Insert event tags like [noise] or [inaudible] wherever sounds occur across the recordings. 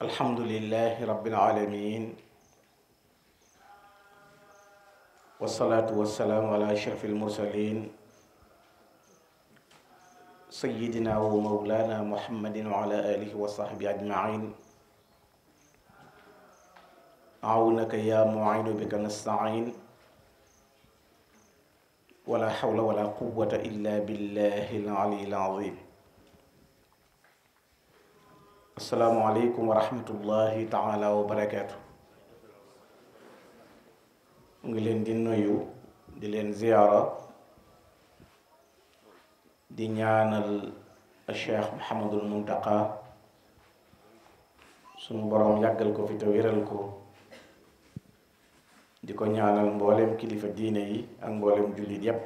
alhamdulillahi rabbil alamin wasalaatu wasalaamu ala ashraf almursalin sayidina wa mawlana muhammadin wa ala alihi wa sahbi ajmain awnaka ya muinu bika nastain wala hawla wala quwata illa billahi alali alazim asalaamualeykum wa rahmatullahi taala wa barakaatu mu ngi leen di nuyu di leen ziyaara di ñaanal cheikh Muhammadul Muntaqa sunu boroom yàggal ko fi te wéral ko di ko ñaanal mboolem kilifa diine yi ak mboolem jullit yépp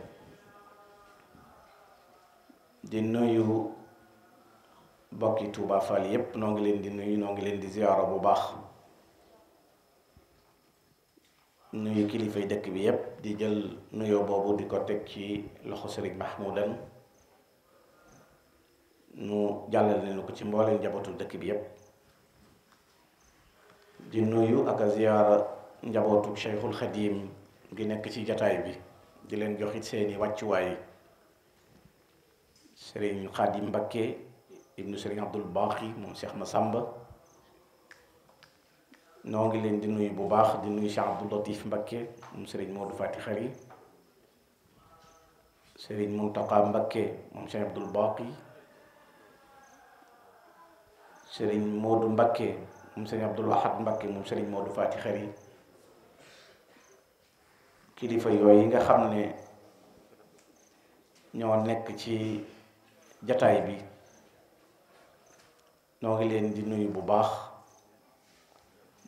di nuyu bokki Touba Fall yépp noo ngi leen di nuyu noo ngi leen di ziyaara bu baax nuyu kilifay dëkk bi yépp di jël nuyoo boobu di ko teg ci loxo sëriñ Mahmoudan nu jàllale nu ko ci mbooleen njabootu dëkk bi yépp di nuyu ak ziyaara njabootu Cheikhul Khadim gi nekk ci jataay bi di leen joxit seeni wàccuwaay Serigne Khadim Mbacké ibnu sëriñ abdul baqi moom Cheikh sàmba noo ngi leen di nuyu bu baax di nuyu Cheikh Abdou Latif Mbakke moom sëriñ Modou Fati Xari sëriñ Muntaqa Mbakke moom Cheikh Abdul Baqi sëriñ Modou Mbakke moom sëriñ Abdul Ahad Mbakke moom sëriñ Fati Xari kilifa yooyu yi nga xam ne ñoo nekk ci jataay bi noo ngi leen di nuyu bu baax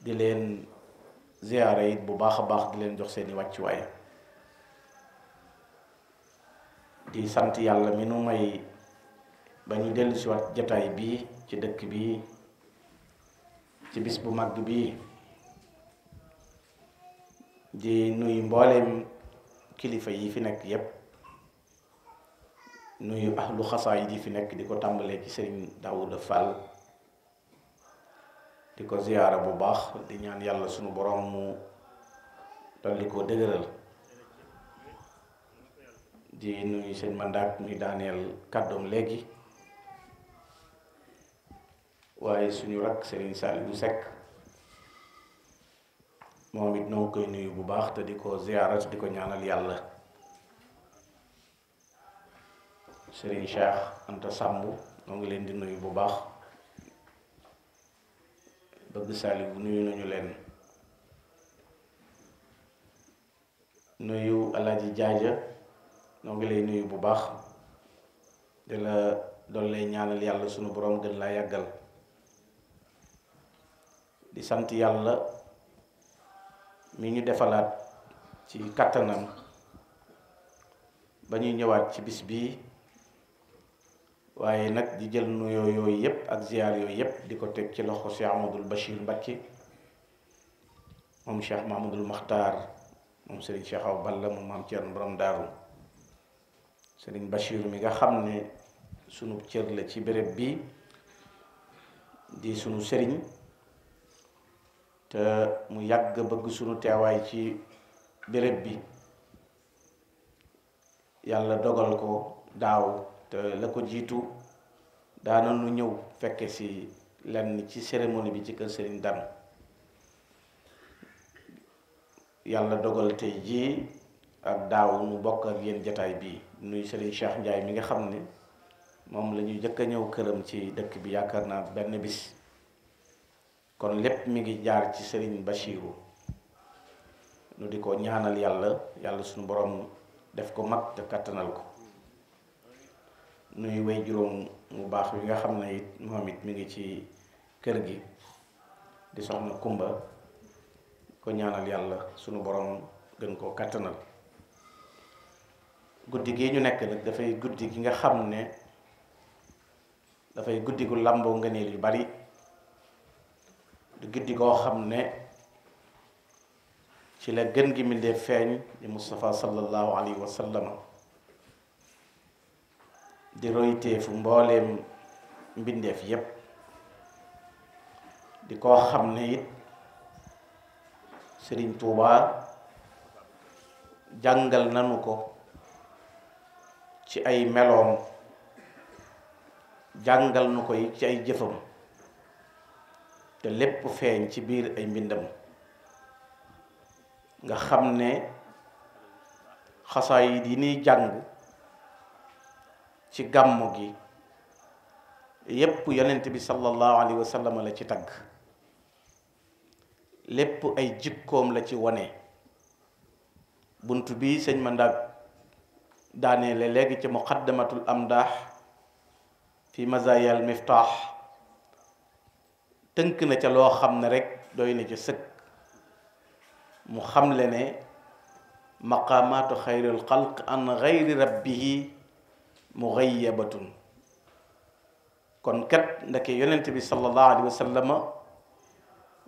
di leen ziyaara it bu baax a baax di leen jox seeni wàccuwaay di sant yàlla mi nu may ba ñu dellu si jataay bii ci dëkk bi ci bis bu màgg bi di nuyu mbooleem kilifa yi fi nekk yépp nuyu lu xasaa yi di fi nekk di ko tàmbalee ci sëriñ Daawuda Fall di ko ziyaara bu baax di ñaan yàlla suñu boroom mu dolli ko dëgëral di nuyu sëñ Mandaak mi daaneel kàddoom léegi waaye suñu rakk Serigne Saliou Seck moom it noo koy nuyu bu baax te di ko ziyaara di ko ñaanal yàlla Serigne Cheikh Anta Samb moo ngi leen di nuyu bu baax bëgg Saliou bu nuyu nañu leen nuyu Alaaji Jaaja noo ngi lay nuyu bu baax di la doon lay ñaanal yàlla sunu borom gën laa yàggal di sant yàlla mi ñu defalaat ci kattanam ba ñuy ñëwaat ci bis bii waaye nag di jël nuyoo yooyu yépp ak ziyaar yooyu yépp di ko teg ci loxo Cheikh Ahmadul Bachir Mbacke moom Cheikh Mahmadul Makhtar moom Serigne Cheikh Aw Balla moom maam Thierno borom Daaru Serigne Bachir mi nga xam ne sunu cër la ci béréb bi di sunu sëriñ te mu yàgg bëgg sunu teewaay ci béréb bi yàlla dogal ko daaw. te la ko jiitu daana nu ñëw fekke si lenn ci cérémonie bi ci kër Serigne Dame yàlla dogal tey jii ak daaw mu bokk ak jataay bii nuy Serigne Cheikh Ndiaye mi nga xam ne moom lañuy ñu a ñëw këram ci dëkk bi yaakaar naa benn bis kon lépp mi ngi jaar ci Serigne Bachirou nu di ko ñaanal yàlla yàlla suñu borom def ko mag te kattanal ko nuy way juróom mu baax bi nga xam ne it moom it mu ngi ci kër gi di soxna kumba ko ñaanal yàlla sunu boroom gën koo kattanal guddi gi ñu nekk dafay guddi gi nga xam ne dafay guddi gu làmboo ngëneel yu bari du guddi goo xam ne ci la gën gi mbindeef feeñ di Moustapha sallallahu alayhi wa sallam di royteefu mbooleem mbindeef yépp di koo xam ne it sëriñ tuubaa jàngal nanu ko ci ay meloom jàngal nu ko ci ay jëfam te lépp feeñ ci biir ay mbindam nga xam ne xasaayid yi nuy jàng ci gàmmu gi yépp yonent bi sallallahu alayhi wa la ci tagg lépp ay jikkoom la ci wone bunt bi sëñ Mandaak daaneele léegi ci muqaddamatul amdaax fi mazayal miftaax tënk na ca loo xam ne rekk doy na ca sëkk mu xamle ne maqaamaatu xayril xalq an xayri rabbihi mugayyabatun kon kat ndake yonent bi sallallahu alayhi wa sallama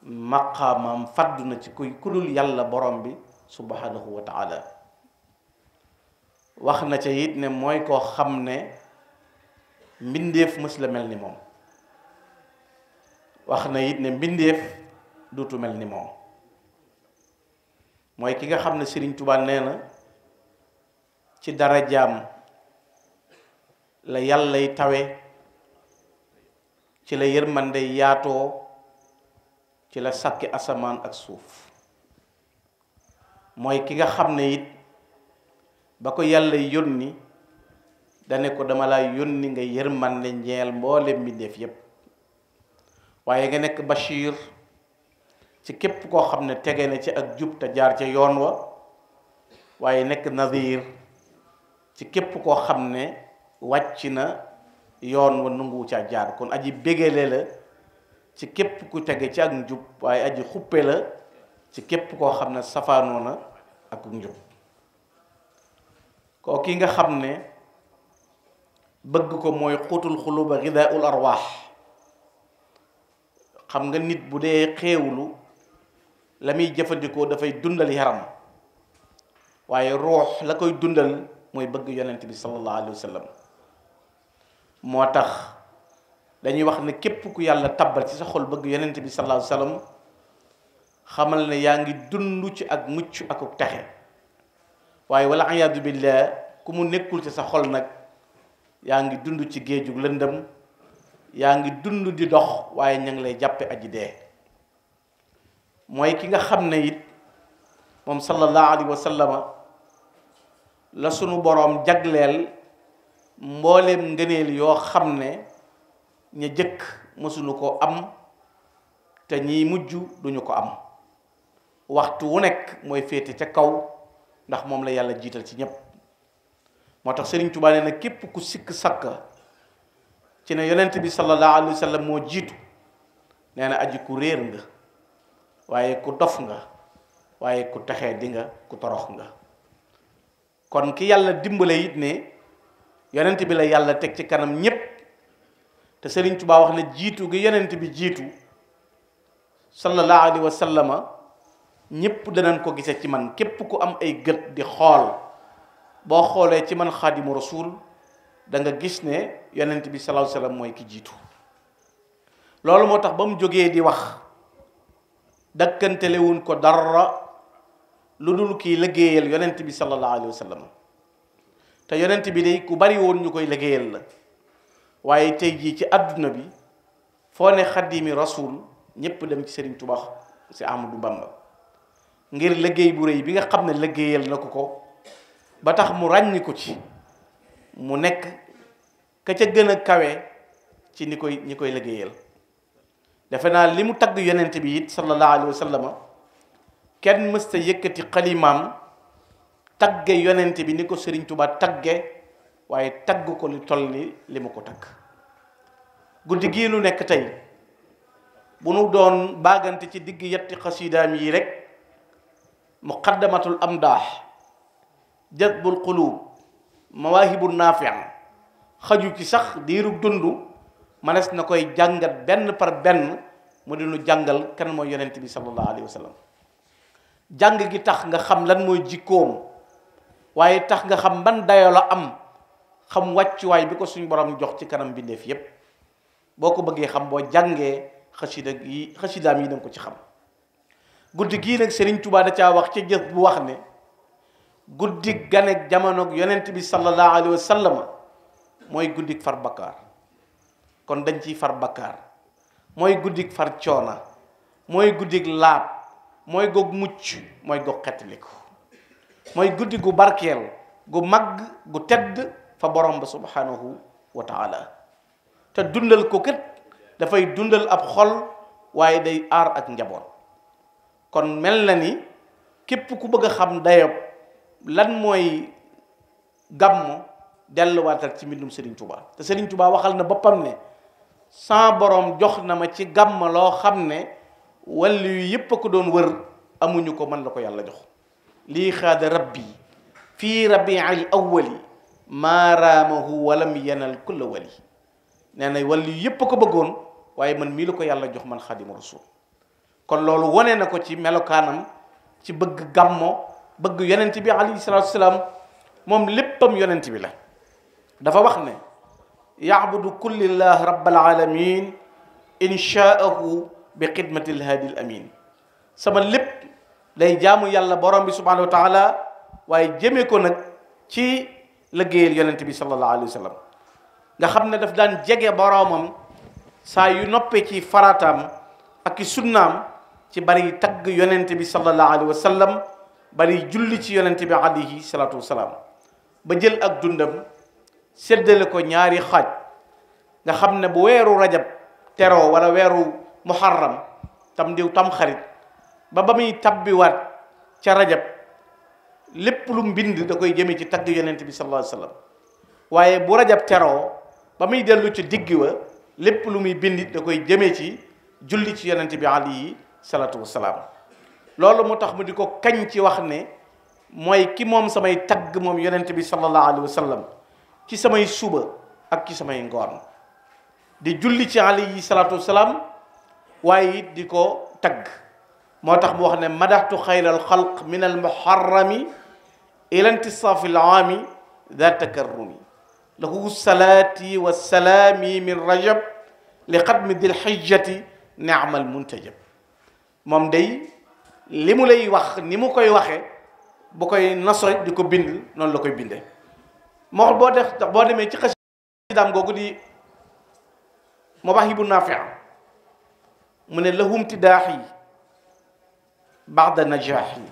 maqaamam faddu na ci kuy kulul yàlla borom bi subhanahu wa wax na ca it ne mooy koo xam ne mbindeef mës mel ni moom wax na it ne mbindeef duutu mel ni moom mooy ki nga xam ne Sëriñ Tuubaa nee na ci darajaam la yàllay tawe ci la yërmande yaatoo ci la sàkki asamaan ak suuf mooy ki nga xam ne it ba ko yàlla yónni dane ko dama laa ni nga yërmande ñeel mboolem mbindeef yépp waaye nga nekk Bachir ci képp koo xam ne tege na ci ak jub te jaar ca yoon wa waaye nekk Nadir ci képp koo xam ne wàcc na yoon wa nunguwu ca jaar kon aji béggale la ci képp ku tege ci ak njub waaye aji xuppe la ci képp koo xam ne safaanoo na ak njub koo ki nga xam ne bëgg ko mooy xuutul xuluba gidaul arwaax xam nga nit bu dee xéewlu la muy jëfandikoo dafay dundal yaram waaye ruux la koy dundal mooy bëgg yonent bi sallallahu alayhi moo tax dañuy wax ne képp ku yàlla tabbal ci sa xol bëgg yenent bi sallallahu alayhi wasallam xamal ne yaa ngi dund ci ak mucc ak ak texe waaye wala ayaadu billah ku mu nekkul ci sa xol nag yaa ngi dund ci géeju lëndëm yaa ngi dund di dox waaye ña lay jàppe aji dee mooy ki nga xam ne it moom sallallahu alayhi wa sallama la sunu boroom jagleel mbooleem ngëneel yoo xam ne ña jëkk mësuñu ko am te ñiy mujj duñu ko am waxtu wu nekk mooy féete ca kaw ndax moom la yàlla jiital ci ñépp moo tax Sëriñ Tuubaa nee na képp ku sikk sakk ci ne yonent bi sallallahu alayhi moo jiitu nee na aji ku réer nga waaye ku dof nga waaye ku texee di ku torox nga kon ki yàlla dimbale it ne yonent bi la yàlla teg ci kanam ñépp te Sëriñ Tuubaa wax na jiitu gi yonent bi jiitu sallallahu alayhi wa sallama ñépp danañ ko gise ci man képp ku am ay gët di xool boo xoolee ci man xaadimu rasul da nga gis ne yonent bi sallallahu alayhi mooy ki jiitu loolu moo tax ba mu jógee di wax dakkantelewuñ ko dara lu dul kii liggéeyal yonent bi sallallahu alayhi sallam te yonent bi day ku bari woon ñu koy liggéeyal la waaye tey jii ci àdduna bi foo ne xaddiimi rasul ñépp dem ci Serigne tubax si Amadou Bamba ngir liggéey bu rëy bi nga xam ne liggéeyal na ko ko ba tax mu ràññi ko ci mu nekk ka ca gën a kawe ci ni koy ñi koy liggéeyal defe naa li mu tagg yonent bi it sallallahu alayhi wa sallama kenn mësta ta yëkkati xalimaam tagge yonent bi ni ko sëriñ Tuubaa tagge waaye tagg ko lu toll ni li mu ko tagg guddi gii nu nekk tey bu nu doon baagante ci digg yetti xasiidaam yi rek muqaddamatul amdaax jazbul quluub mawaahibu naafi xaju ci sax diirub dund mënees na koy jàngat benn par benn mu di nu jàngal kan mooy yonent bi sallallahu alayhi jàng gi tax nga xam lan mooy jikkoom waaye tax nga xam ban dayoo la am xam wàccuwaay bi ko suñu borom jox ci kanam bindeef yépp boo ko bëggee xam boo jàngee xasida yi xasidaam yi dem ko ci xam guddi gii nag Serigne da caa wax ci jëf bu wax ne guddi ganek jamonoog yonent bi sallallahu alayhi wa mooy guddi far bakkaar kon dañ ciy far bakkaar mooy guddik far coona mooy guddi laab mooy goog mucc mooy goog ko mooy guddi gu barkeel gu màgg gu tedd fa borom ba subhanahu wa te dundal ko kat dafay dundal ab xol waaye day aar ak njaboot kon mel na ni képp ku bëgg a xam dayob lan mooy gàmm delluwaatal ci mbindum Serigne Touba te Serigne waxal na boppam ne sa borom jox na ma ci gàmm loo xam ne wàllu yu yëpp a ko doon wër amuñu ko mën la ko yàlla jox lii xaada rabbi fii rabiil awwali maaraamahu walam yanal kulla wali nee na wàll yépp a ko bëggoon waaye man mii la ko yàlla jox man xaadimu rasul kon loolu wane na ko ci melokaanam ci bëgg gàmmo bëgg yonent bi alayhi salaatu wasalaam moom léppam yonent bi la dafa wax ne yaabudu kullillaah rabbal alamin inshaahu bi xidmati lhaadi l amin sama lépp day jaamu yàlla borom bi subhanahu wa taala waaye jëmee ko nag ci liggéeyal yonent bi sallallahu alayhi nga xam ne daf daan jege boromam saa yu noppee ci farataam ak ci sunnaam ci bari tagg yonent bi sallallahu alayhi wa bari julli ci yonent bi alayhi salaatu wasalaam ba jël ak dundam seddale ko ñaari xaaj nga xam ne bu weeru rajab teroo wala weeru muharram tam diw tam xarit ba ba muy tabbiwaat ca rajab lépp lu mbind da koy jëmee ci tagg yonent bi sallallahu alayhi waaye bu rajab teroo ba muy dellu ci digg wa lépp lu muy bind da koy jëme ci julli ci yonent bi alayhi salaatu wasalaam loolu moo tax mu di ko kañ ci wax ne mooy ki moom samay tagg moom yonent bi sallallahu alayhi wasallam ci samay suba ak ci samay ngoon di julli ci alayhi salaatu wasalaam waaye it di ko tagg moo tax mu wax ne madaxtu xayral xalq min al muharrami ila intisaafi al aami da takarrumi lahu salaati wa salaami min rajab li xatmi dil xijjati neamal muntajab moom day li mu lay wax ni mu koy waxe bu koy nasoj di ko bind noonu la koy bindee moo boo def boo demee ci xasidaam googu di bu naafi'a mu ne la lahum tidaaxi baada najaaxi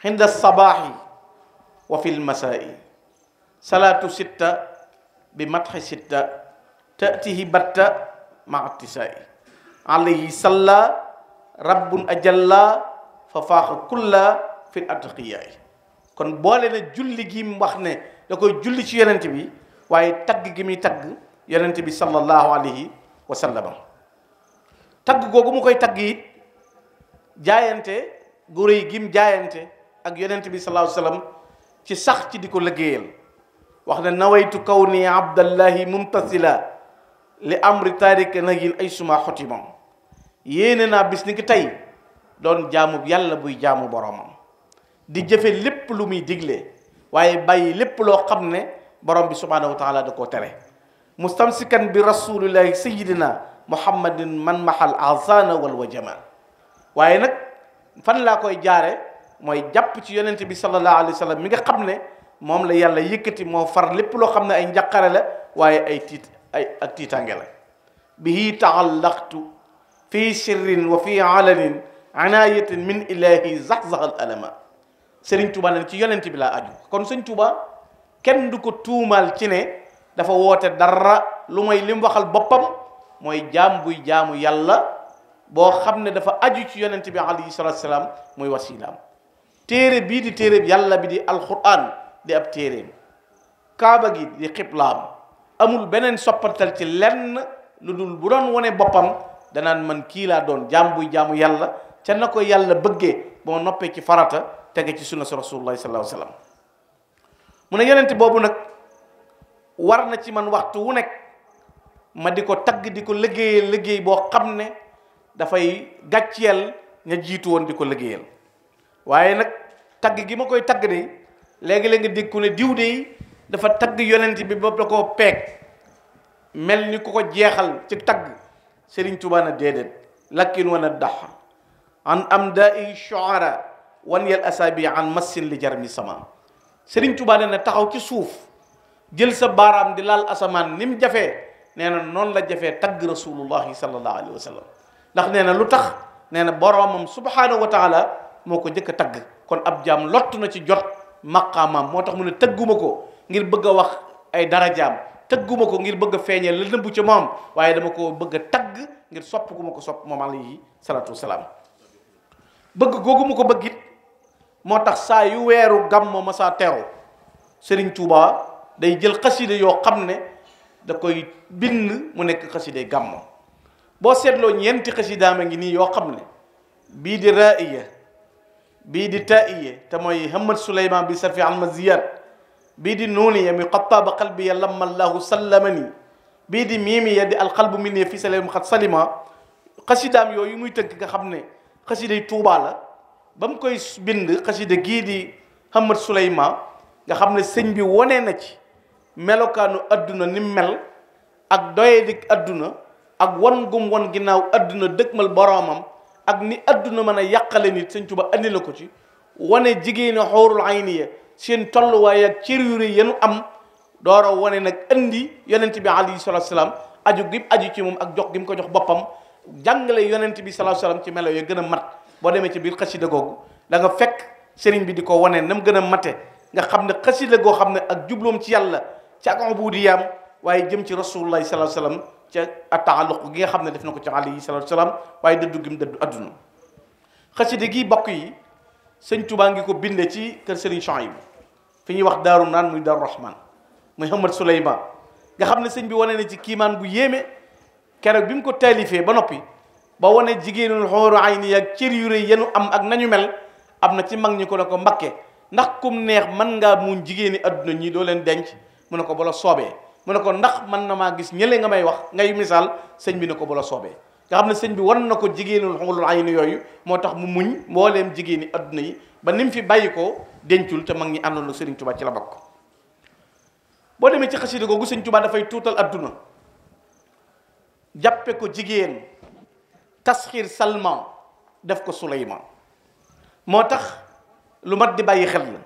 xinda sabaaxi wa fi lmasaa'i salaatu sitta bi matxi sitta taatihi batta ma attisaa'i alayhi salla rabbun ajalla fa faaxa kulla fi l adqiyaa'i kon boole na julli gi mu wax ne da koy julli ci yonent bi waaye tagg gi muy tagg yonent bi sallallahu alayhi wa sallam tagg googu mu koy tagg it jaayante gu rëy gim jaayante ak yonent bi sallallahu alayhi ci sax ci di ko liggéeyal wax na nawaytu kaw nii abdallahi mumtasila li amri taarika na yin ay suma xotimam yéene naa bis ni tey doon jaamu yàlla buy jaamu boromam di jëfe lépp lu muy digle waaye bàyyi lépp loo xam ne borom bi subhanahu wa taala da koo tere mustamsikan bi rasulillahi sayidina muhammadin man mahal azana wal wajama waaye nag fan laa koy jaare mooy jàpp ci yonent bi sallallahu alayhi wa sallam mi nga xam ne moom la yàlla yëkkati moo far lépp loo xam ne ay njaqare la waaye ay tiit ay ak tiitaange la bihi taallaqtu fi sirrin wa fi alanin anayatin min ilahi zaxzaxal alama sëriñ tuba nen ci yonent bi laa aju kon sëñ tuba kenn du ko tuumaal ci ne dafa woote dara lu mooy lim waxal boppam mooy jaam buy jaamu yàlla boo xam ne dafa aju ci yonent bi alayhi salaatu salaam muy wasilaam téere bii di téereem yàlla bi di alquran di ab téereem kaaba gi di xiblaam amul beneen soppantal ci lenn lu dul bu doon wone boppam danaan man kii laa doon jaam buy jaamu yàlla ca na ko yàlla bëggee boo noppee ci farata tege ci sunna si rasulullahi sallallahu alayhi wa sallam yonent boobu nag war na ci man waxtu wu nekk ma di ko tagg di ko liggéeyee liggéey boo xam ne dafay gàcceel ña jiitu woon di ko liggéeyal waaye nag tagg gi ma koy tagg léegi-léegi dégg ku ne diw de dafa tagg yonent bi ba da koo peeg mel ni ku ko jeexal ci tagg Sëriñ Tuubaa na déedéet lakkin wan a dax am da i shoara wan yel asabi an massin li jar mi sama Sëriñ Tuubaa ne na taxaw ci suuf jël sa baaraam di laal asamaan ni mu jafee nee na noonu la jafe tagg rasulullahi sallallahu alayhi wa sallam ndax nee na lu tax nee na boroomam subhaanahu wa taala moo ko jëkk a tagg kon ab jaam lott na ci jot maqaamam moo tax mu ne tëgguma ko ngir bëgg a wax ay dara darajaam tëgguma ko ngir bëgg a feeñee la nëbbu ci moom waaye dama ko bëgg a tagg ngir sopp gu ma ko sopp moom yi salaatu wasalaam bëgg googuma ko bëgg it moo tax saa yu weeru gàmmu ma saa teew Serigne Touba day jël xaside yoo xam ne da koy bind mu nekk xaside gàmmu boo seetloo ñeenti xasidaam a ngi nii yoo xam ne bii di raiya bii di taiya te mooy hamad suleyman bi sarfi almaziyat bii di nuuniya mi qad taaba qalbiya lamma llahu sallamani bii di miimiya di alqalbu min ya fi salim xat salima xasidaam yooyu muy tënk nga xam ne xasiday tuubaa la ba mu koy bind xasida gii di hamad suleyman nga xam ne sëñ bi wone na ci melokaanu adduna ni mel ak doye dik adduna ak wan gum wan ginnaaw adduna mal boroomam ak ni adduna mën a yàqale nit sëñ Tuba andi na ko ci wane jigéen xóorul ayni ya seen tolluwaay ak cër yu rëy yenu am doora wane nag andi yonent bi alayhi salaatu salaam aju gi aju ci moom ak jox gi mu ko jox boppam jàngale yonent bi salaatu salaam ci melo yo gën a mat boo demee ci biir xasida googu danga fekk sëriñ bi di ko wane na mu gën a mate nga xam ne xasida goo xam ne ak jubloom ci yàlla ci ak ubudiyaam waaye jëm ci rasulullahi salaatu salaam ca ataaluq gi nga xam ne def na ko ci alayhi salaatu salaam waaye dëddu gi mu dëddu adduna xaside gi bokk yi sëñ Tuubaa ngi ko binde ci kër yi Chouaïb fi ñuy wax daaru naan muy daaru rahman muy Ahmad Souleymane nga xam ne sëñ bi wane na ci kiimaan bu yéeme keroog bi mu ko taalifee ba noppi ba wane jigéenul xooru ay ni ak cër yu rëy yenu am ak nañu mel am na ci mag ñi ko ne ko mbakke ndax kum neex man ngaa muñ jigéeni àdduna ñii doo leen denc mu ne ko bala soobee mu ne ko ndax man na maa gis ñële nga may wax ngay misaal sëñ bi ne ko bu la soobee nga xam ne sëñ bi wan na ko jigéenul xulul ayni yooyu moo tax mu muñ mbooleem jigéeni adduna yi ba ni mu fi bàyyi ko dencul te mag ñi àndoon na sëriñ Tuubaa ci la bokk boo demee ci xasida googu sëñ Tuubaa dafay tuutal adduna jàppe ko jigéen tasxiir salman def ko suleyman moo tax lu mat di bàyyi xel la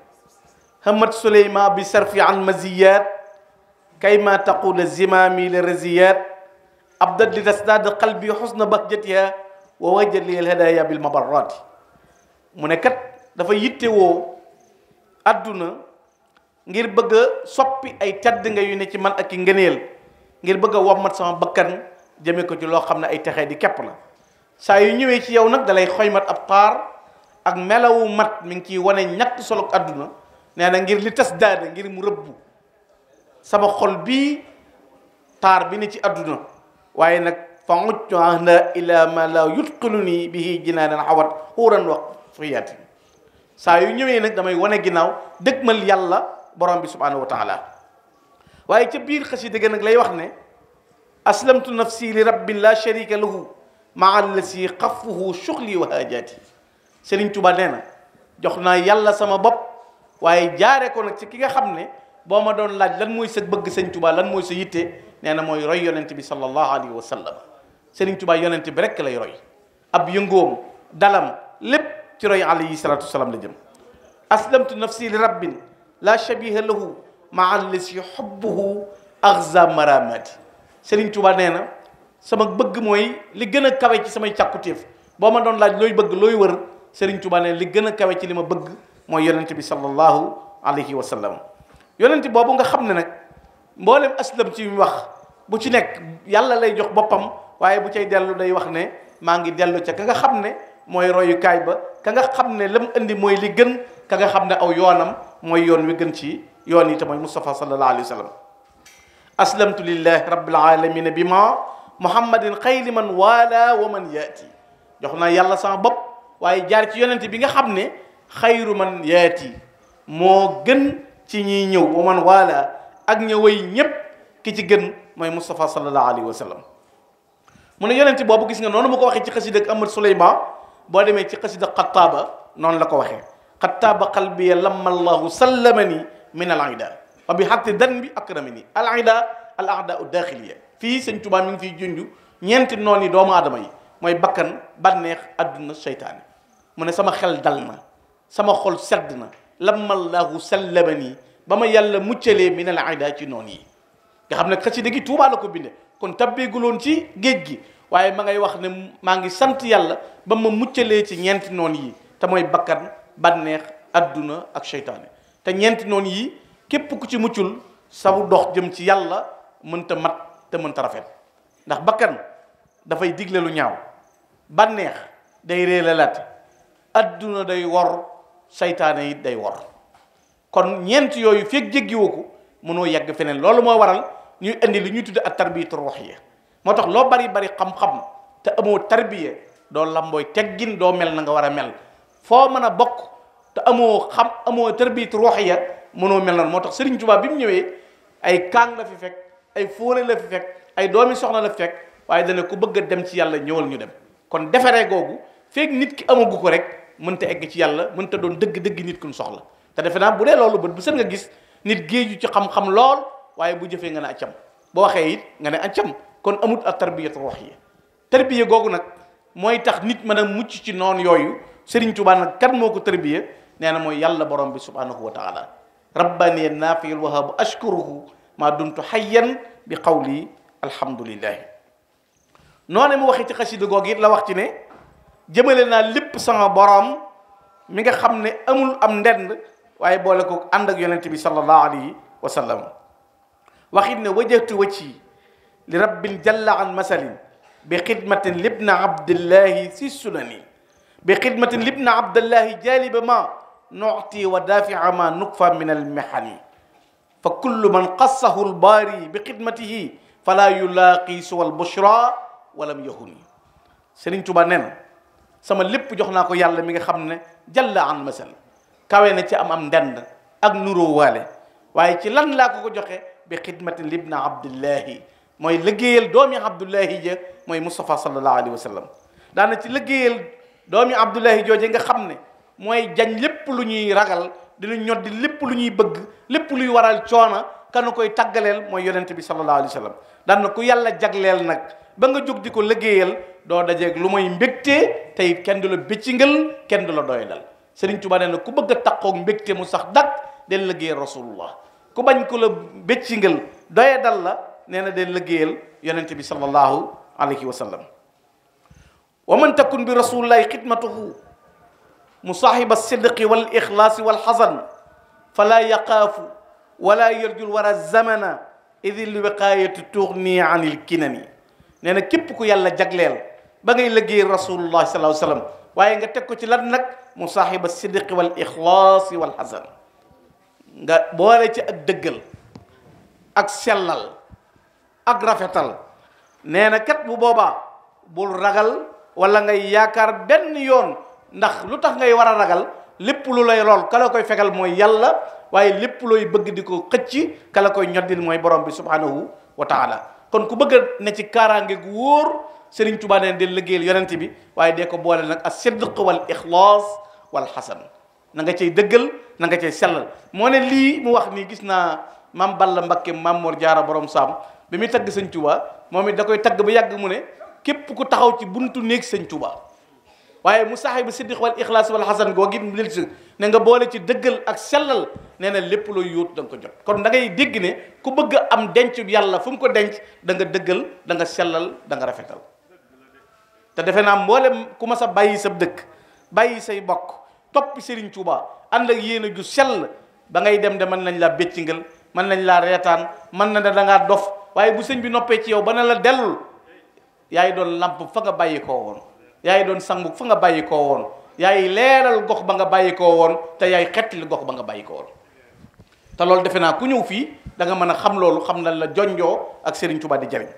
hamat suleyman bi sarfi an maziyat ab كيما تقول الزمام للرزيات أبدد لتسداد قلبي حسن بهجتها ووجد لي الهدايا بالمبرات mu ne kat dafa woo àdduna ngir bëgg a soppi ay cadd nga yu ne ci man ak i ngëneel ngir bëgg a wommat sama bakkan jëme ko ci loo xam ne ay texee di képp la saa yu ñëwee ci yow nag dalay xoymat ab taar ak melowu mat mu ngi ciy wane ñàkk solo àdduna nee na ngir li tas daada ngir mu rëbbu sama xol bii taar bi ne ci adduna waaye nag fa mucc ahda ila ma la yutqiluni bihi jinaanan xawat xuuran wax fiyaati saa yu ñëwee nag damay wane ginnaaw dëgmal yàlla borom bi subhanahu wa taala waaye ca biir xasida ga nag lay wax ne aslamtu nafsi li rabbin la sharika lahu maa lasi xafuhu shuxli wa haajaati Sëriñ Tuba nee na jox naa yàlla sama bopp waaye jaare ko nag ci ki nga xam ne boo ma doon laaj lan mooy sa bëgg sëñ Tuubaa lan mooy sa yitte nee na mooy roy yonent bi sallallahu alayhi wa sallam sëriñ Tuubaa yonent bi rek lay roy ab yëngoom dalam lépp ci roy alayhi salatu wasalaam la jëm aslamtu nafsi li rabbin la shabiha lahu maa allasi hubbuhu axza maramati sëriñ Tuubaa nee na sama bëgg mooy li gën a kawe ci samay càkkutéef boo ma doon laaj looy bëgg looy wër sëriñ Tuubaa nee li gën a kawe ci li ma bëgg mooy yonent bi sallallahu alayhi wa sallam yonent boobu nga xam ne nag mboolem aslam ci wax bu ci nekk yàlla lay jox boppam waaye bu cay dellu day wax ne maa ngi dellu ca ka nga xam ne mooy royukaay ba ka nga xam ne lam indi mooy li gën ka nga xam ne aw yoonam mooy yoon wi gën ci yoon yi te mooy Moustapha sallallahu alayhi wa sallam aslamtu lillahi rabbil alamina bi ma muhammadin xayli man waala wa man yaati jox naa yàlla sama bopp waaye jaar ci yonent bi nga xam ne xayru man yaati moo gën ci ñiy ñëw wa man waala ak ña way ñépp ki ci gën mooy Moustapha sallallahu alayhi wa sallam mu ne yonent boobu gis nga noonu mu ko waxee ci xasida ak Ahmad Souleymane boo demee ci xasida xattaaba noonu la ko waxee xattaaba qalbiya lamma allahu sallamani min al ida wa bi xatti dan bi akramani al ida al aada u daaxiliya fii sëñ Tuubaa mi ngi fiy junj ñeenti noon yi doomu aadama yi mooy bakkan bànneex àdduna seytaane mu ne sama xel dal na sama xol sedd na lamallaahu sallamani ba ma yàlla muccalee ne la aada ci noonu yi nga xam ne xasida gi Tuubaa la ko binde kon tabbeeguloon ci géej gi waaye ma ngay wax ne maa ngi sant yàlla ba ma muccalee ci ñeenti noon yi te mooy bakkan bànneex adduna ak seytaane te ñeenti noon yi képp ku ci muccul sabu dox jëm ci yàlla mënta mat te mënta rafet ndax bakkan dafay digle lu ñaaw bànneex day réelalaate adduna day wor seytaane yi day wor kon ñeent yooyu fekk jéggiwu ko mënoo yegg feneen loolu moo waral ñuy indi li ñuy tudd ak wax ruuxiya moo tax loo bari bari xam-xam te amoo tarbiya doo lambooy teggin doo mel na nga war a mel foo mën a bokk te amoo xam amoo wax ya mënoo mel noonu moo tax Serigne Touba bi mu ñëwee ay kaang la fi fekk ay fóore la fi fekk ay doomi soxna la fi fekk waaye dana ku bëgg a dem ci yàlla ñëwal ñu dem kon defaree googu fekk nit ki amagu rek. mënta egg ci yàlla mënta doon dëgg-dëgg nit ku ñu soxla te defe naa bu dee loolu bët bu sën nga gis nit géeju ci xam-xam lool waaye bu jëfee nga ne accam boo waxee it nga ne accam kon amut ak tarbiyatu wax yi tarbiya googu nag mooy tax nit ma a mucc ci noon yooyu Serigne Touba nag kan moo ko tarbiya nee na mooy yàlla borom bi subhanahu wa taala rabbani naafiyul wahaabu ashkuruhu maa dumtu hayyan bi qawli alhamdulillahi noone mu waxee ci xasida googu it la wax ci ne jëmale naa lépp sama boroom mi nga xam ne amul am ndend waaye boole ko ànd ak yonent bi sallallahu alayhi wa sallam waxit ne wajjahtu wajhi li rabbin jalla an masalin bi xidmatin libna abdillahi si sunani bi xidmatin libna abdillahi jaliba ma nuti wa dafia ma nukfa min almihani fa kullu man qassahu albaari bi xidmatihi fala yulaaqi suwa albushra walam yahuni Sëriñ Tuba nen sama lépp jox naa ko yàlla mi nga xam ne jalla an masal kawe na ci am am ndend ak nuroo waale waaye ci lan laa ko ko joxe bi xidmatin libna abdullahi mooy liggéeyal doomi abdullahi ja mooy Moustapha sallallahu alayhi wa sallam daana ci liggéeyal doomi abdullahi jooje nga xam ne mooy jañ lépp lu ñuy ragal dinu ñoddi lépp lu ñuy bëgg lépp luy waral coona kanu koy tàggaleel mooy yonente bi sallallahu alayhi wa sallam daan na ku yàlla jagleel nag ba nga jóg di ko liggéeyal doo dajeeg lu mooy mbégte tey kenn du la bëccingal kenn du la doy dal sëriñ Tuubaa na ku bëgg a taqoog mbégte mu sax dak del liggéeyal rasulullah ku bañ ko la bëccingal doye dal la nee na del liggéeyal yonente bi sallallahu alayhi wa sallam wa man takun bi rasulillahi xidmatuhu musaahiba sidqi wal ixlaasi wal xasan fala yaqaafu wala yarjul wara zamana idil wiqaayatu tuxni anil kinani nee na képp ku yàlla jagleel ba ngay liggéey rasulullah sallallahu alayhi waaye nga teg ko ci lan nag mu saaxiba sidqi wal ixlaasi wal xasan nga boole ci ak dëggal ak sellal ak rafetal nee na kat bu boobaa bul ragal walla ngay yaakaar benn yoon ndax lu tax ngay war a ragal lépp lu lay lool kala koy fegal mooy yàlla waaye lépp looy bëgg di ko xëcc kala koy ñoddil mooy borom bi subhanahu wa taala kon ku bëgg a ci kaaraange gu wóor sëriñ Tuubaa neen na del liggéeyal yonent bi waaye dee ko boole nag sedd sidq wal ixlaas wal xasan na nga cay dëggal na nga cay sellal moo ne lii mu wax nii gis naa maam Balla Mbakke maam Mor Jaara boroom saam bi muy tagg sëñ Tuubaa moom it da koy tagg ba yàgg mu ne képp ku taxaw ci buntu néeg sëñ Tuubaa waaye mu saaxibu siddiq wal ixlaas wal xasan googu it mu si ne nga boole ci dëggal ak sellal nee na lépp looy yóotu da nga ko jot kon da ngay dégg ne ku bëgg am denc yàlla fu mu ko denc da dëggal da nga sellal da rafetal te defe naa mboolem ku ma sa bàyyi sab dëkk bàyyi say bokk toppi Serigne Touba ànd ak yéen a ju sell ba ngay dem de mën lañ laa béccingal mën nañ laa reetaan mën na ne dangaa dof waaye bu sëñ bi noppee ci yow ba na la dellul yaay doon lamp fa nga bàyyi koo woon yaay doon sangu fa nga bàyyi koo woon yaay leeral gox ba nga bàyyi koo woon te yaay xettali gox ba nga bàyyi koo woon te loolu defe naa ku ñëw fii da nga mën a xam loolu xam na la jonjoo ak Serigne Touba di jariñ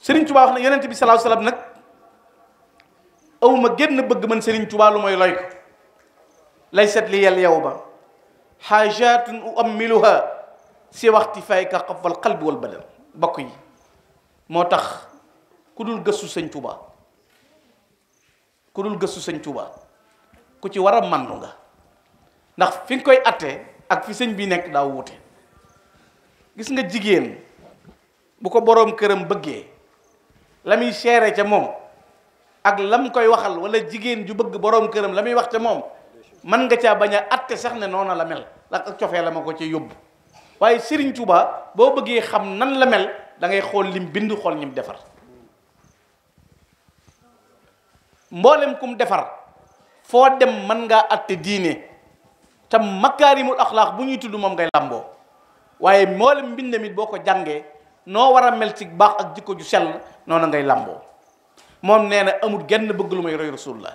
Serigne Touba wax na yonent bi salaahu salaam nag awma génn bëgg man Serigne Touba lu mooy loy ko lay set li yel yow ba xaajaatun uammiluha si waxti fay ka xafal xalbi wal badan bokk yi moo tax ku dul gëstu sëñ Touba ku dul gëstu sëñ Touba ku ci war a màndu nga ndax fi nga koy attee ak fi sëñ bi nekk daa wuute gis nga jigéen bu ko boroom këram bëggee la muy seere ca moom ak lam koy waxal wala jigéen ju bëgg boroom këram la muy wax ca moom man nga caa bañ a atte sax ne noona la mel ak cofee la ma ko ci yóbbu waaye Serigne Touba boo bëggee xam nan la mel da ngay xool lim bind xool ñim defar mboolem kum defar foo dem mën ngaa atte diine mu makaarimul axlaaq bu ñuy tudd moom ngay làmboo waaye mboolem mbind mit boo ko jàngee noo war a mel ci baax ak jikko ju sell noonu ngay làmboo moom nee na amul genn bëgg lu may roy rasulullah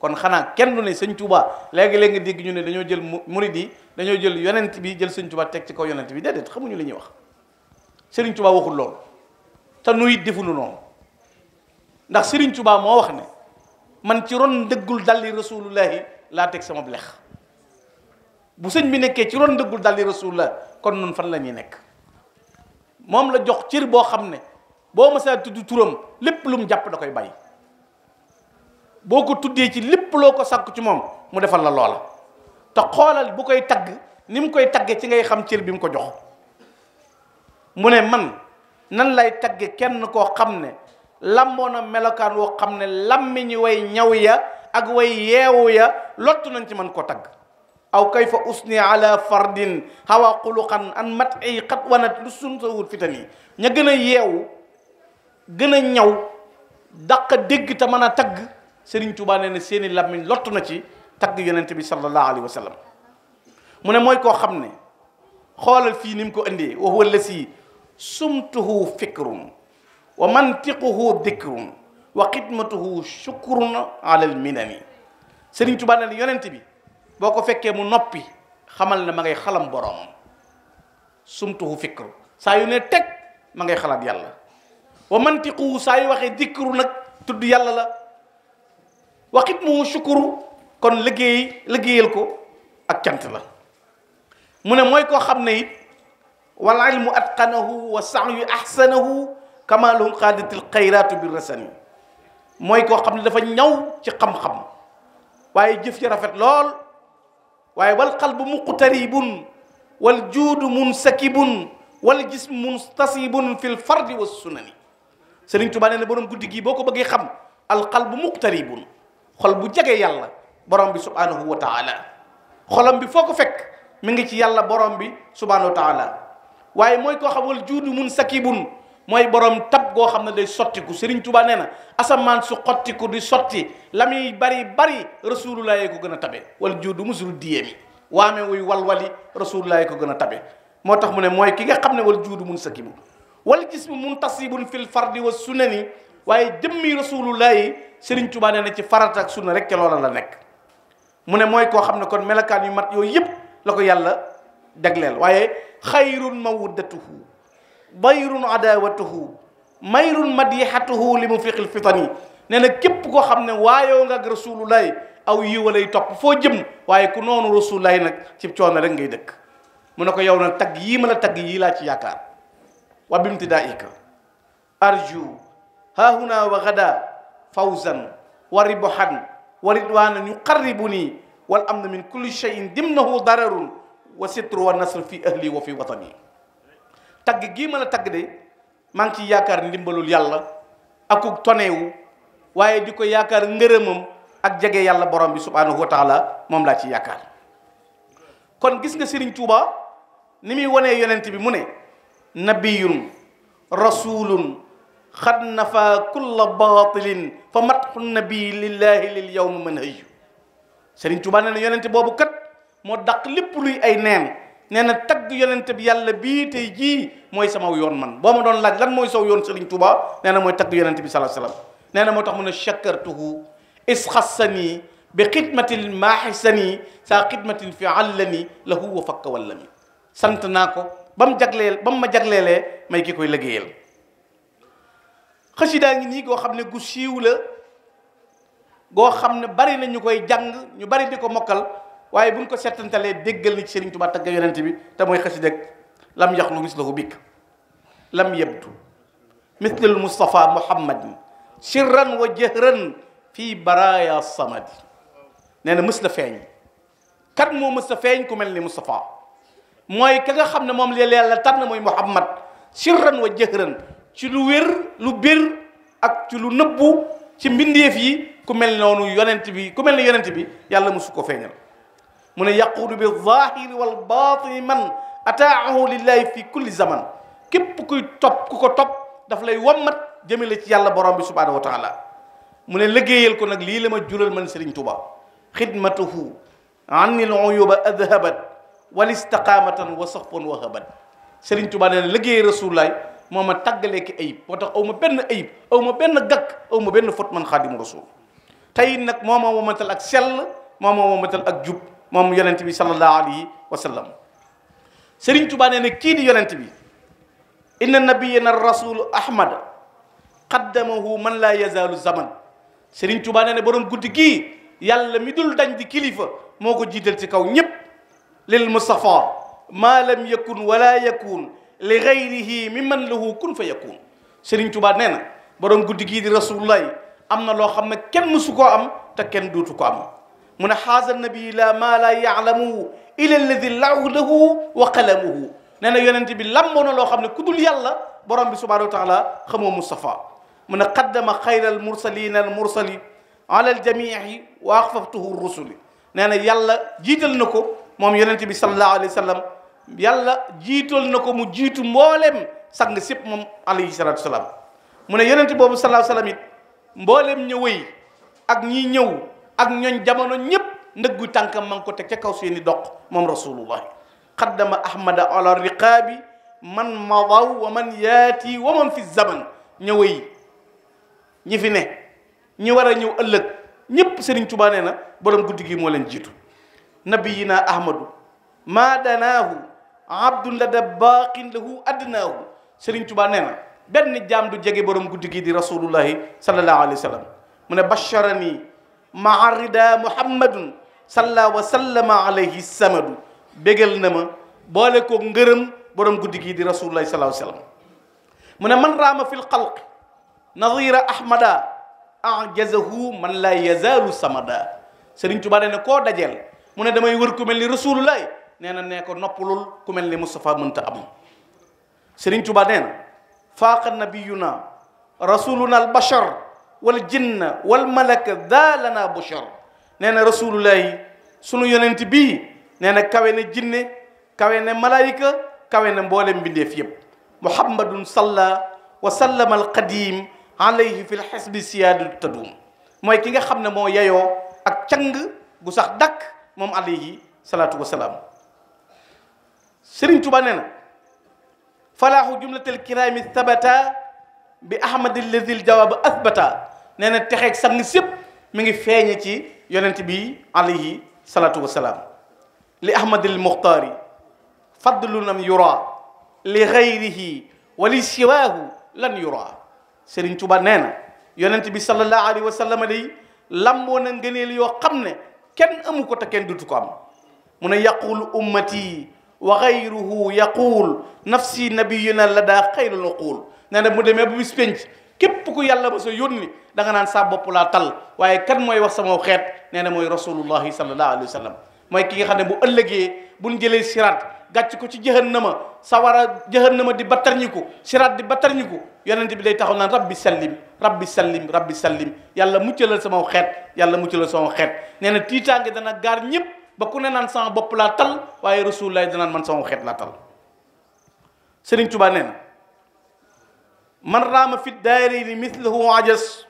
kon xanaa kenn lu ne sëñ Touba léegi-léegi nga dégg ñu ne dañoo jël mu murid yi dañoo jël yonent bi jël sëñ Touba teg ci kaw yonent bi déedéet xamuñu li ñuy wax sëriñ Touba waxul loolu te nu it defuñu noonu ndax sëriñ Touba moo wax ne man ci ron dëggul dalli rasulullahi laa teg sama blex bu sëñ bi nekkee ci ron dëggul dalli rasulullah kon nun fan la ñuy nekk moom la jox cër boo xam ne boo mësaa tudd turam lépp lu mu jàpp da koy bàyyi boo ko tuddee ci lépp loo ko sàkk ci moom mu defal la loola te xoolal bu koy tagg ni mu koy tagge ci ngay xam cër bi mu ko jox mu ne man nan lay taggee kenn koo xam ne lamboo na melokaan woo xam ne lammiñu woy ñaw ya ak way yeewu ya lottu nañ ci man koo tagg aw kayfa usni ala fardin hawa xuluqan an mat ay xat wanat lu sun sa yi ña gën a yeewu gën a ñaw daq dégg te mën a tagg Sëriñ Tuubaa nee seeni làmmiñ lottu na ci tagg yonent bi sallallahu alayhi wa mu ne mooy koo xam ne xoolal fii nim ko indee wa huwa lasi sumtuhu fikrun wa mantiquhu dikrun wa xidmatuhu shukrun ala alminani Sëriñ Tuubaa nee yonent bi boo ko fekkee mu noppi xamal na ma ngay xalam boroom sumtuhu fikru saa yu ne teg ma ngay xalaat yàlla wa mantiquhu saa yu waxee dikru nag tudd yàlla la waxit mu shukuru kon liggéey liggéeyal ko ak cant la mu ne mooy koo xam ne it wal ilmu atqanahu wa sa'yu ahsanahu kama lahum qaadatil xayraatu bi rasani mooy koo xam ne dafa ñaw ci xam-xam waaye jëf ci rafet lool waaye wal qalbu muqtaribun wal juudu munsakibun wal jismu muntasibun fil fardi wa sunani Sëriñ Tuubaa nee na borom guddi gii boo ko bëggee xam al qalbu muqtaribun xol bu jege yàlla borom bi subhanahu wa taala xolam bi foo ko fekk mi ngi ci yàlla borom bi subhanahu wa taala waaye mooy koo xam wal juudu munsakibun mooy borom tab goo xam ne day sottiku Serigne Touba nee na asamaan su xottiku di sotti la muy bari bari rasulullah yi ko gën a tabe wala juddu musul diyeemi waame wuy walwali rasulullah yi ko gën a tabe moo tax mu ne mooy ki nga xam ne wal juudu mun sakibu wal gis mu mun tasibun fil fardi wa sunani waaye jëmmi rasulullah yi Serigne Touba nee na ci farata ak sunna rek ca la nekk mu ne mooy koo xam ne kon melakaan yu mat yooyu yëpp la ko yàlla jagleel waaye xayrun mawaddatuhu bayrun adawatuhu mayrun madihatuhu li mu fiqil fitani nee na képp koo xam ne waayoo nga ak rasulullahi aw yiwa lay topp foo jëm waaye ku noonu rasulullahi nag ci coono rek ngay dëkk mu ne ko yow nag tagg yii ma la tagg yii laa ci yaakaar wa bimtidaika arju hahuna wa gada fawzan wa ribohan wa ridwanan yuqarribuni wal amn min kulli cheyin dimnahu dararun wa sitru wa nasr fi ahli wa fi watani tagg gii ma la tagg de maa ngi ci yaakaar ndimbalul yàlla akuk tonewu waaye di ko yaakaar ngërëmam ak jege yàlla borom bi subhanahu wa taala moom laa ci yaakaar kon gis nga Serigne tuuba ni muy wanee yonent bi mu ne nabiyun rasulun xad nafa kulla batilin fa matxu nabii lillahi lil yawm man hayyu Serigne Touba nee na yonent boobu kat moo daq lépp luy ay neen nee na tagg yonent bi yàlla bii tey jii mooy sama yoon man boo ma doon laaj lan mooy sow yoon Serigne Touba neena mooy tagg yonent bi sallallahu alayhi wasallam nee na moo tax mu ne chakartuhu isxassanii bi xidmatin maaxisanii saa xidmatin fi allani lahu wa fakka sant naa ko ba mu jagleel ba mu ma jagleelee may ki koy liggéeyal xasidaa ngi nii goo xam ne gu siiw la goo xam ne bari na ñu koy jàng ñu bari di ko mokkal waaye buñ ko settantalee déggal ni ci Serigne Touba tagg yonent bi te mooy xasida lam yaxlu mislahu bikk lam yabdu mislul Mustafa Muhammad sirran wa jëhran fii baraya samadi nee na mës feeñ kat moo mës feeñ ku mel ni Mustafa mooy ka nga xam ne moom li Yàlla tànn mooy Muhammad sirran wa jëhran ci lu wér lu bir ak ci lu nëbbu ci mbindeef yi ku mel noonu yonent bi ku mel ni yonent bi yàlla mësu ko feeñal mu ne yaquudu bi zahiri wal batini man ataahu lillahi fi kulli zaman képp kuy topp ku ko topp daf lay wommat jëmale ci yàlla borom bi subhanahu wa taala mu ne liggéeyal ko nag lii la ma jural man Serigne Touba xidmatuhu anni l uyuba adhabat wal istiqamatan wa safwan wa habat Serigne Touba nee na liggéey rasulullaay moo ma tàggalee ki ayib moo tax aw ma benn ayib aw ma benn gàkk aw ma benn fot man xaadimu rasul tey nag moo ma womatal ak sell moo ma womatal ak jub moom yonent bi sallallahu alayhi wa sallam sëriñ tubaa nee na kii di yonent bi inna nabiyana rasul ahmad qaddamahu man laa yazaalu zaman sëriñ tubaa nee na boroom guddi gii yàlla mi dul dañ di kilifa moo ko jiital ci kaw ñépp lil mustafa ma lam yakun wala yakun li gayrihi mi man lahu kun fa yakun sëriñ tubaa nee na boroom guddi gii di rasulullahi am na loo xam ne kenn mësu koo am te kenn duutu ko am mu ne xaasa nabi la maa laa yaalamuhu ila alladi lawlahu wa qalamuhu nee na yonent bi lamboo na loo xam ne ku dul yàlla borom bi subhanahu wa taala xamoo Moustapha mu ne qaddama xayra al mursalina al mursali ala al jamii wa axfaftuhu rusuli nee na yàlla jiital na ko moom yonent bi sallallahu alayhi wa sallam yàlla jiital na ko mu jiitu mboolem sang sëpp moom alayhi salatu salaam mu ne yonent boobu sallallahu alayhi wa sallam it mboolem ñëwëy ak ñi ñëw ak ñooñ jamono ñépp ndëggu tànkam ma ngi ko teg ca kaw seeni doq moom rasulullah xaddama ahmada ala riqaabi man madaw wa man yaati wa man fi zaman ñëwey ñi fi ne ñi war a ñëw ëllëg ñépp sëriñ Tuubaa nee na borom guddi gi moo leen jiitu nabiyina ahmadu maa danaahu abdun la da baaqin sëriñ Tuubaa na benn jaam du jege borom guddi gi di rasulullahi sallallahu alayhi wa sallam mu ne basharani maa rida muhammadun salla wa sallama alayhi samadu bégal na ma boole ko ngërëm borom guddi gii di rasulullahi salaa sallam mu ne man raama fi lxalq nadira ahmada ajazahu man la yazaalu samada Sëriñ Tuubaa ne koo dajeel mu ne damay wër ku mel ni rasulullahi nee na nee ko noppalul ku mel ni Moustapha mënta am Sëriñ Tuubaa nee na faaqa nabiyuna rasuluna al bashar wal jinna wal malaka daa lana bushar nee na rasulullahi sunu yonent bii nee na kawe na jinne kawe na malaayika kawe na mboolem mbindeef yëpp muhammadun salla wa sallama alqadim alayhi fi lxisbi siyaadatu mooy ki nga xam ne moo yayoo ak cang gu sax dakk moom alayhi salaatu wasalaam sëriñ tuba nee na falaahu jumlatal kiraami thabata bi ahmadillazil jawaab asbata nee na texeeg sang sépp mi ngi feeñe ci yonent bi alayhi salaatu wasalaam li ahmadil muxtaari fadlunam yura li xayrihi wa li siwaahu lan yura Sëriñ Tuba nee na yonent bi sallallahu alayhi wa sallam day lamboo na ngëneel yoo xam ne kenn amu ko te kenn dutu ko am mu ne yaqul ummati wa xayruhu yaqul nafsi nabiyuna la daa xayrul uqul nee na mu demee bu bis penc képp ko yàlla ba sa yónni da nga naan saa bopp laa tal waaye kan mooy wax sama xeet nee na mooy rasulullahi sallallahu alayhi wa sallam mooy ki nga xam ne bu ëllëgee buñ jëlee siraat gàcc ko ci jahannama sawara jahannama di battarñiku siraat di battarñiku yonent bi day taxaw naan rabbi sallim rabbi sallim rabbi sallim yàlla muccalal sama xeet yàlla muccalal sama xeet nee na tiitaange dana gaar ñëpp ba ku naan sama bopp laa tal waaye rasulullahi danaan man sama xeet laa tal Sëriñ Tuubaa nee man raama fi daarayni mithlahu ajas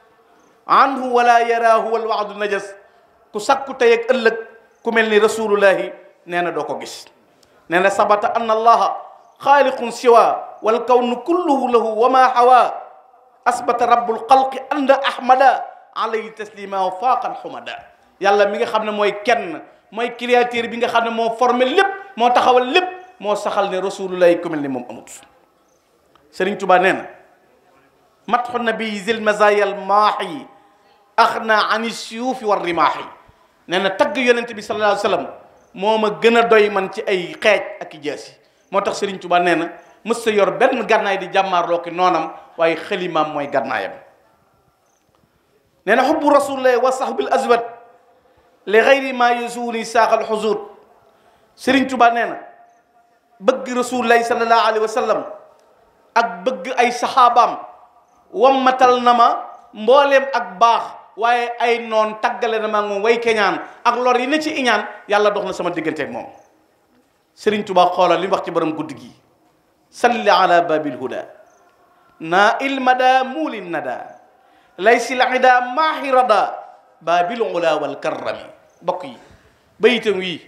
anhu wala yaraahu wal waadu najas ku sakku tey ak ëllëg ku mel ni rasulullahi nee na doo ko gis nee na sabata anna allaha xaaliqun siwa wal kawnu kulluhu lahu wa ma hawa asbata rabbul xalqi anda ahmada alayhi taslima wa faaqan xumada yàlla mi nga xam ne mooy kenn mooy créateur bi nga xam ne moo formé lépp moo taxawal lépp moo saxal ne rasulullahi ku mel ni moom amut Sëriñ Tuubaa nee na matxu nabi zil mazayal maaxi axna ani siyuufi war rimaaxi nee na tagg yonent bi sallallahu alayhi wasallam moo ma gën a doy man ci ay xeej ak i jees yi moo tax Serigne Touba nee na mës sa yor benn gànnaay di jàmmaarloo ki noonam waaye xalimaam mooy gànnaayam nee na xubbu rasulillahi wa sahbil azwat li xayri ma yusuuni saaxal xusuut Serigne Touba nee na bëgg rasulillahi sallallahu alayhi wasallam ak bëgg ay saxaabaam wammatal na ma mbooleem ak baax waaye ay noon taggale na ma moom way keñaan ak lor yi ne ci iñaan yàlla dox na sama diggante moom sëriñ tubaax xoolal li wax ci borom guddi gi salli ala babil huda naa ilmada muulin nada laysil ida maahi rada babil ula wal karrami bokk yi bayitam wii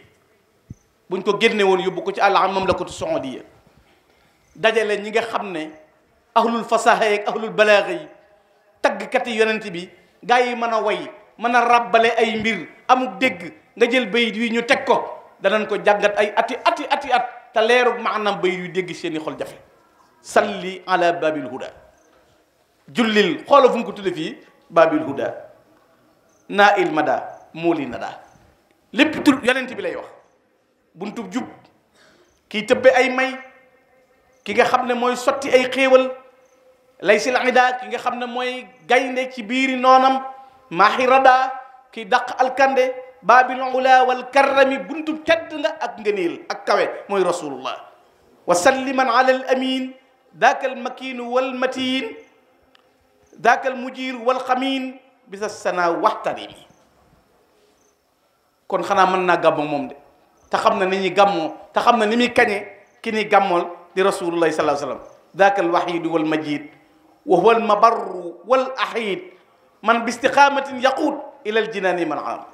buñ ko génne woon yóbbu ko ci àll am moom la ko tu dajale ñi nga xam ne ahlul fasaha yeeg ahlul balaaxa yi taggkati yonent bi gaa yi mën a woy mën a ràbbale ay mbir amuk dégg nga jël bayit wi ñu teg ko danañ ko jàngat ay ati ati at te leerug maanaam bayit yu dégg seeni xol jafe salli ala babil huda jullil xoola fu ko tudde fii babil huda naa il mada muuli nada lépp tur yonent bi lay wax buntub jub kii tëbbe ay may ki nga xam ne mooy sotti ay xéewal lay si ki nga xam ne mooy gaynde ci biiri noonam maaxi rada ki dàq alkande baabil ula wal karrami buntu tedd nga ak ngëneel ak kawe mooy rasulullah wa salliman ala al amin daaka al makiinu wal matiin daaka al mujiir bisa sana waxtarimi kon xanaa mën na gàmmoo moom de te xam na ni ñuy gàmmoo te xam ni muy kañe ki ni gàmmool di rasulullahi salaa sallam daaka alwaxiidu walmajid wa huwa almabarru wal axiid man bi istiqaamatin yaquud ila aljinaani man aam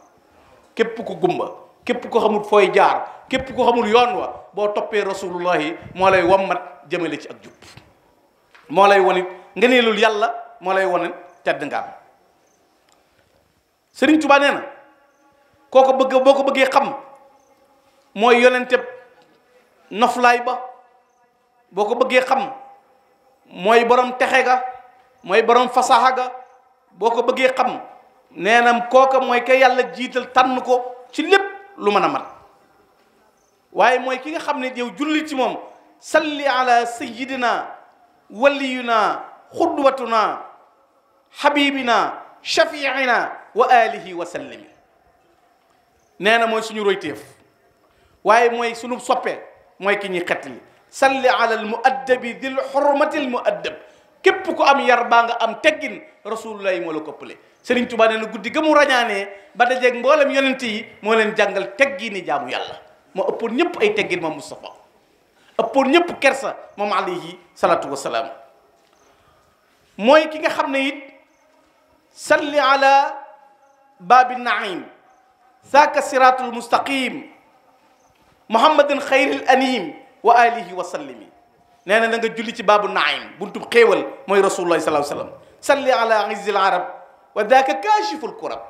képp ku gumba képp ko xamul fooy jaar képp ko xamul yoon wa boo toppee rasulullahi moo lay wammat jëmale ci ak jub moo lay wonit ngëneelul yàlla moo lay wonit tedd nga am sëriñ nee na koo ko bëgg boo ko bëggee xam mooy yonente noflaay ba boo ko bëggee xam mooy borom texe ga mooy borom fasaxa ga boo ko bëggee xam nee na kooka mooy ka yàlla jiital tànn ko ci lépp lu mën a mat waaye mooy ki nga xam ne yow julli ci moom salli ala sayyidina waliyuna xudwatuna xabibina shafiina wa alihi wa sallimi nee na mooy suñu royteef waaye mooy suñu soppe mooy ki ñuy xettali salli ala al muaddabi dil xurmati al muaddab képp ku am yar baa nga am teggin rasulullah yi moo la koppale Sëriñ Tuubaa nee na guddi ga mu rañaanee ba dajeeg mboolem yonent yi moo leen jàngal teggini jaamu yàlla moo ëppoon ñëpp ay teggin ma Moustapha ëppoon ñëpp kersa moom alayhi salaatu wasalaam mooy ki nga xam ne it salli ala baabi naim saaka siraatul mustaqim muhammadin xayril anim wa alihi wa sallimi nee na na nga julli ci baabu naim buntub xéewal mooy rasulullahi sallallahu alayhi wasallam salli ala izil arab wa daaka kaashiful kurab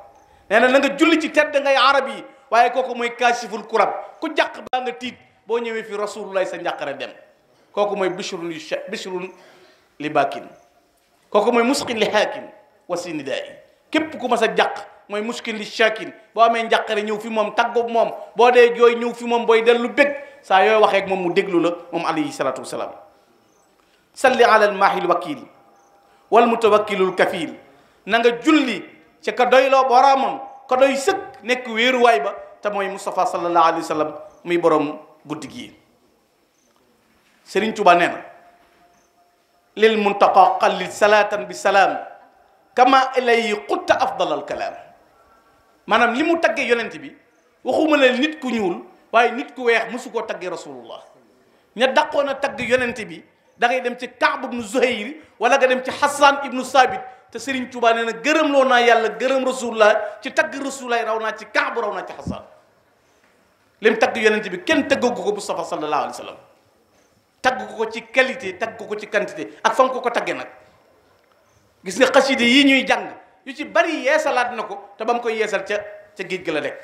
nee na na nga julli ci tedd ngay arab yi waaye kooku mooy kaashiful kurab ku jàq baa nga tiit boo ñëwee fi rasulullahi sa njàqare dem kooku mooy bishrun yu li baakin kooku mooy musqin li haakin wa sinidaai képp ku mas a jàq mooy muskin li shaakin boo amee njàqare ñëw fi moom taggu moom boo dee jooy ñëw fi moom booy dellu bég saa yooy waxee moom mu déglu la moom alayhi salaatu wasalaam salli ala almaahil wakiil wal mutawakkilul kafiil na julli ci ka doyloo boroomam ka doy sëkk nekk wéeruwaay ba te mooy Moustapha sallallahu alayhi wa sallam muy borom guddi gi Sëriñ Tuba nee na lil muntaqa qallil salaatan bi salaam kama ilayhi xutta afdalal kalaam maanaam li mu taggee yonent bi waxuma la nit ku ñuul waaye nit ku weex mosu koo tagge rasulullah ña daqoon a tagg yonente bi dangay dem ci Kaab ibnu Zuhayr wala nga dem ci Hassan ibnu Sabit te Serigne Touba nee na gërëm loo naa yàlla gërëm rasulullah ci tagg rasulullah raw naa ci Kaab raw naa ci Hassan lim tagg yonente bi kenn taggagu ko bu sallallahu alayhi wa sallam tagg ko ci qualité tagg ko ci quantité ak fan ko ko taggee nag gis nga xaside yi ñuy jàng yu ci bari yeesalaat na ko te ba mu koy yeesal ca ca géej gi la nekk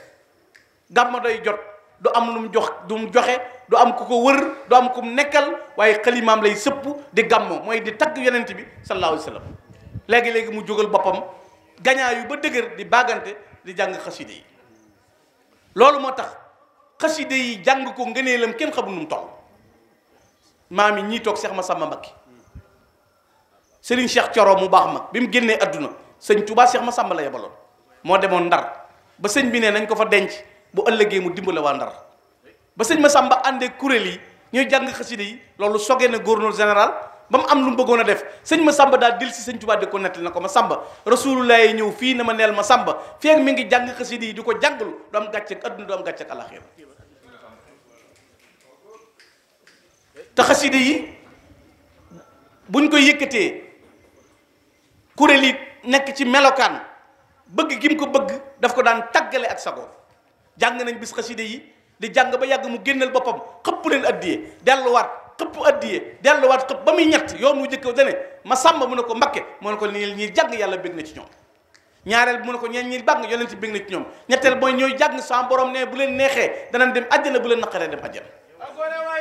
gàmma day jot du am lu mu jox du mu joxe du am ku ko wër du am ku mu nekkal waaye xalimaam lay sëpp di gàmmo mooy di tagg yenent bi sallallahu alayhi léegi-léegi mu jógal boppam gañaa yu ba dëgër di bàggante di jàng xaside yi loolu moo tax xaside yi jàng ko ngëneelam kenn xamul nu mu toll maam yi ñii toog Cheikh Massamba Mbacké Serigne Cheikh Thioro mu baax ma bi mu génnee àdduna sëñ Touba Cheikh Massamba la yebaloon moo demoon Ndar ba sëñ bi ne nañ ko fa denc bu ëllëgee mu dimbale waa ndar ba sëñ ma Massamba àndee kuréel yi ñuy jàng xasida yi loolu sogee ne gouverneur général ba mu am lu mu bëggoon a def sëñ Massamba daa dil si sëñ Tuubaa di ko nettali na ko ma Massamba rasulullah yi ñëw fii ne ma neel ma Massamba feek mi ngi jàng xasida yi du ko jàngalu du am gàcce ak adduna du am gàcce ak alaxira te xasida yi buñ ko yëkkatee kuréel yi nekk ci melokaan bëgg gi mu ko bëgg daf ko daan tàggale ak sago jàng nañ bis xaside yi di jàng ba yàgg mu génnal boppam xëpp leen di addiye delluwaat xëpp addiye delluwaat xëpp ba muy ñett yoon wu jëkk dane ma sàmba mu ne ko mbakke mu ne ko nii ñii jàng yàlla bégg na ci ñoom ñaareel mu ne ko ñeen ñi bàng yonent bég na ci ñoom ñetteel mooy ñooy jàng sa borom ne bu leen neexee danañ dem àjjana bu leen naqaree dem àjjana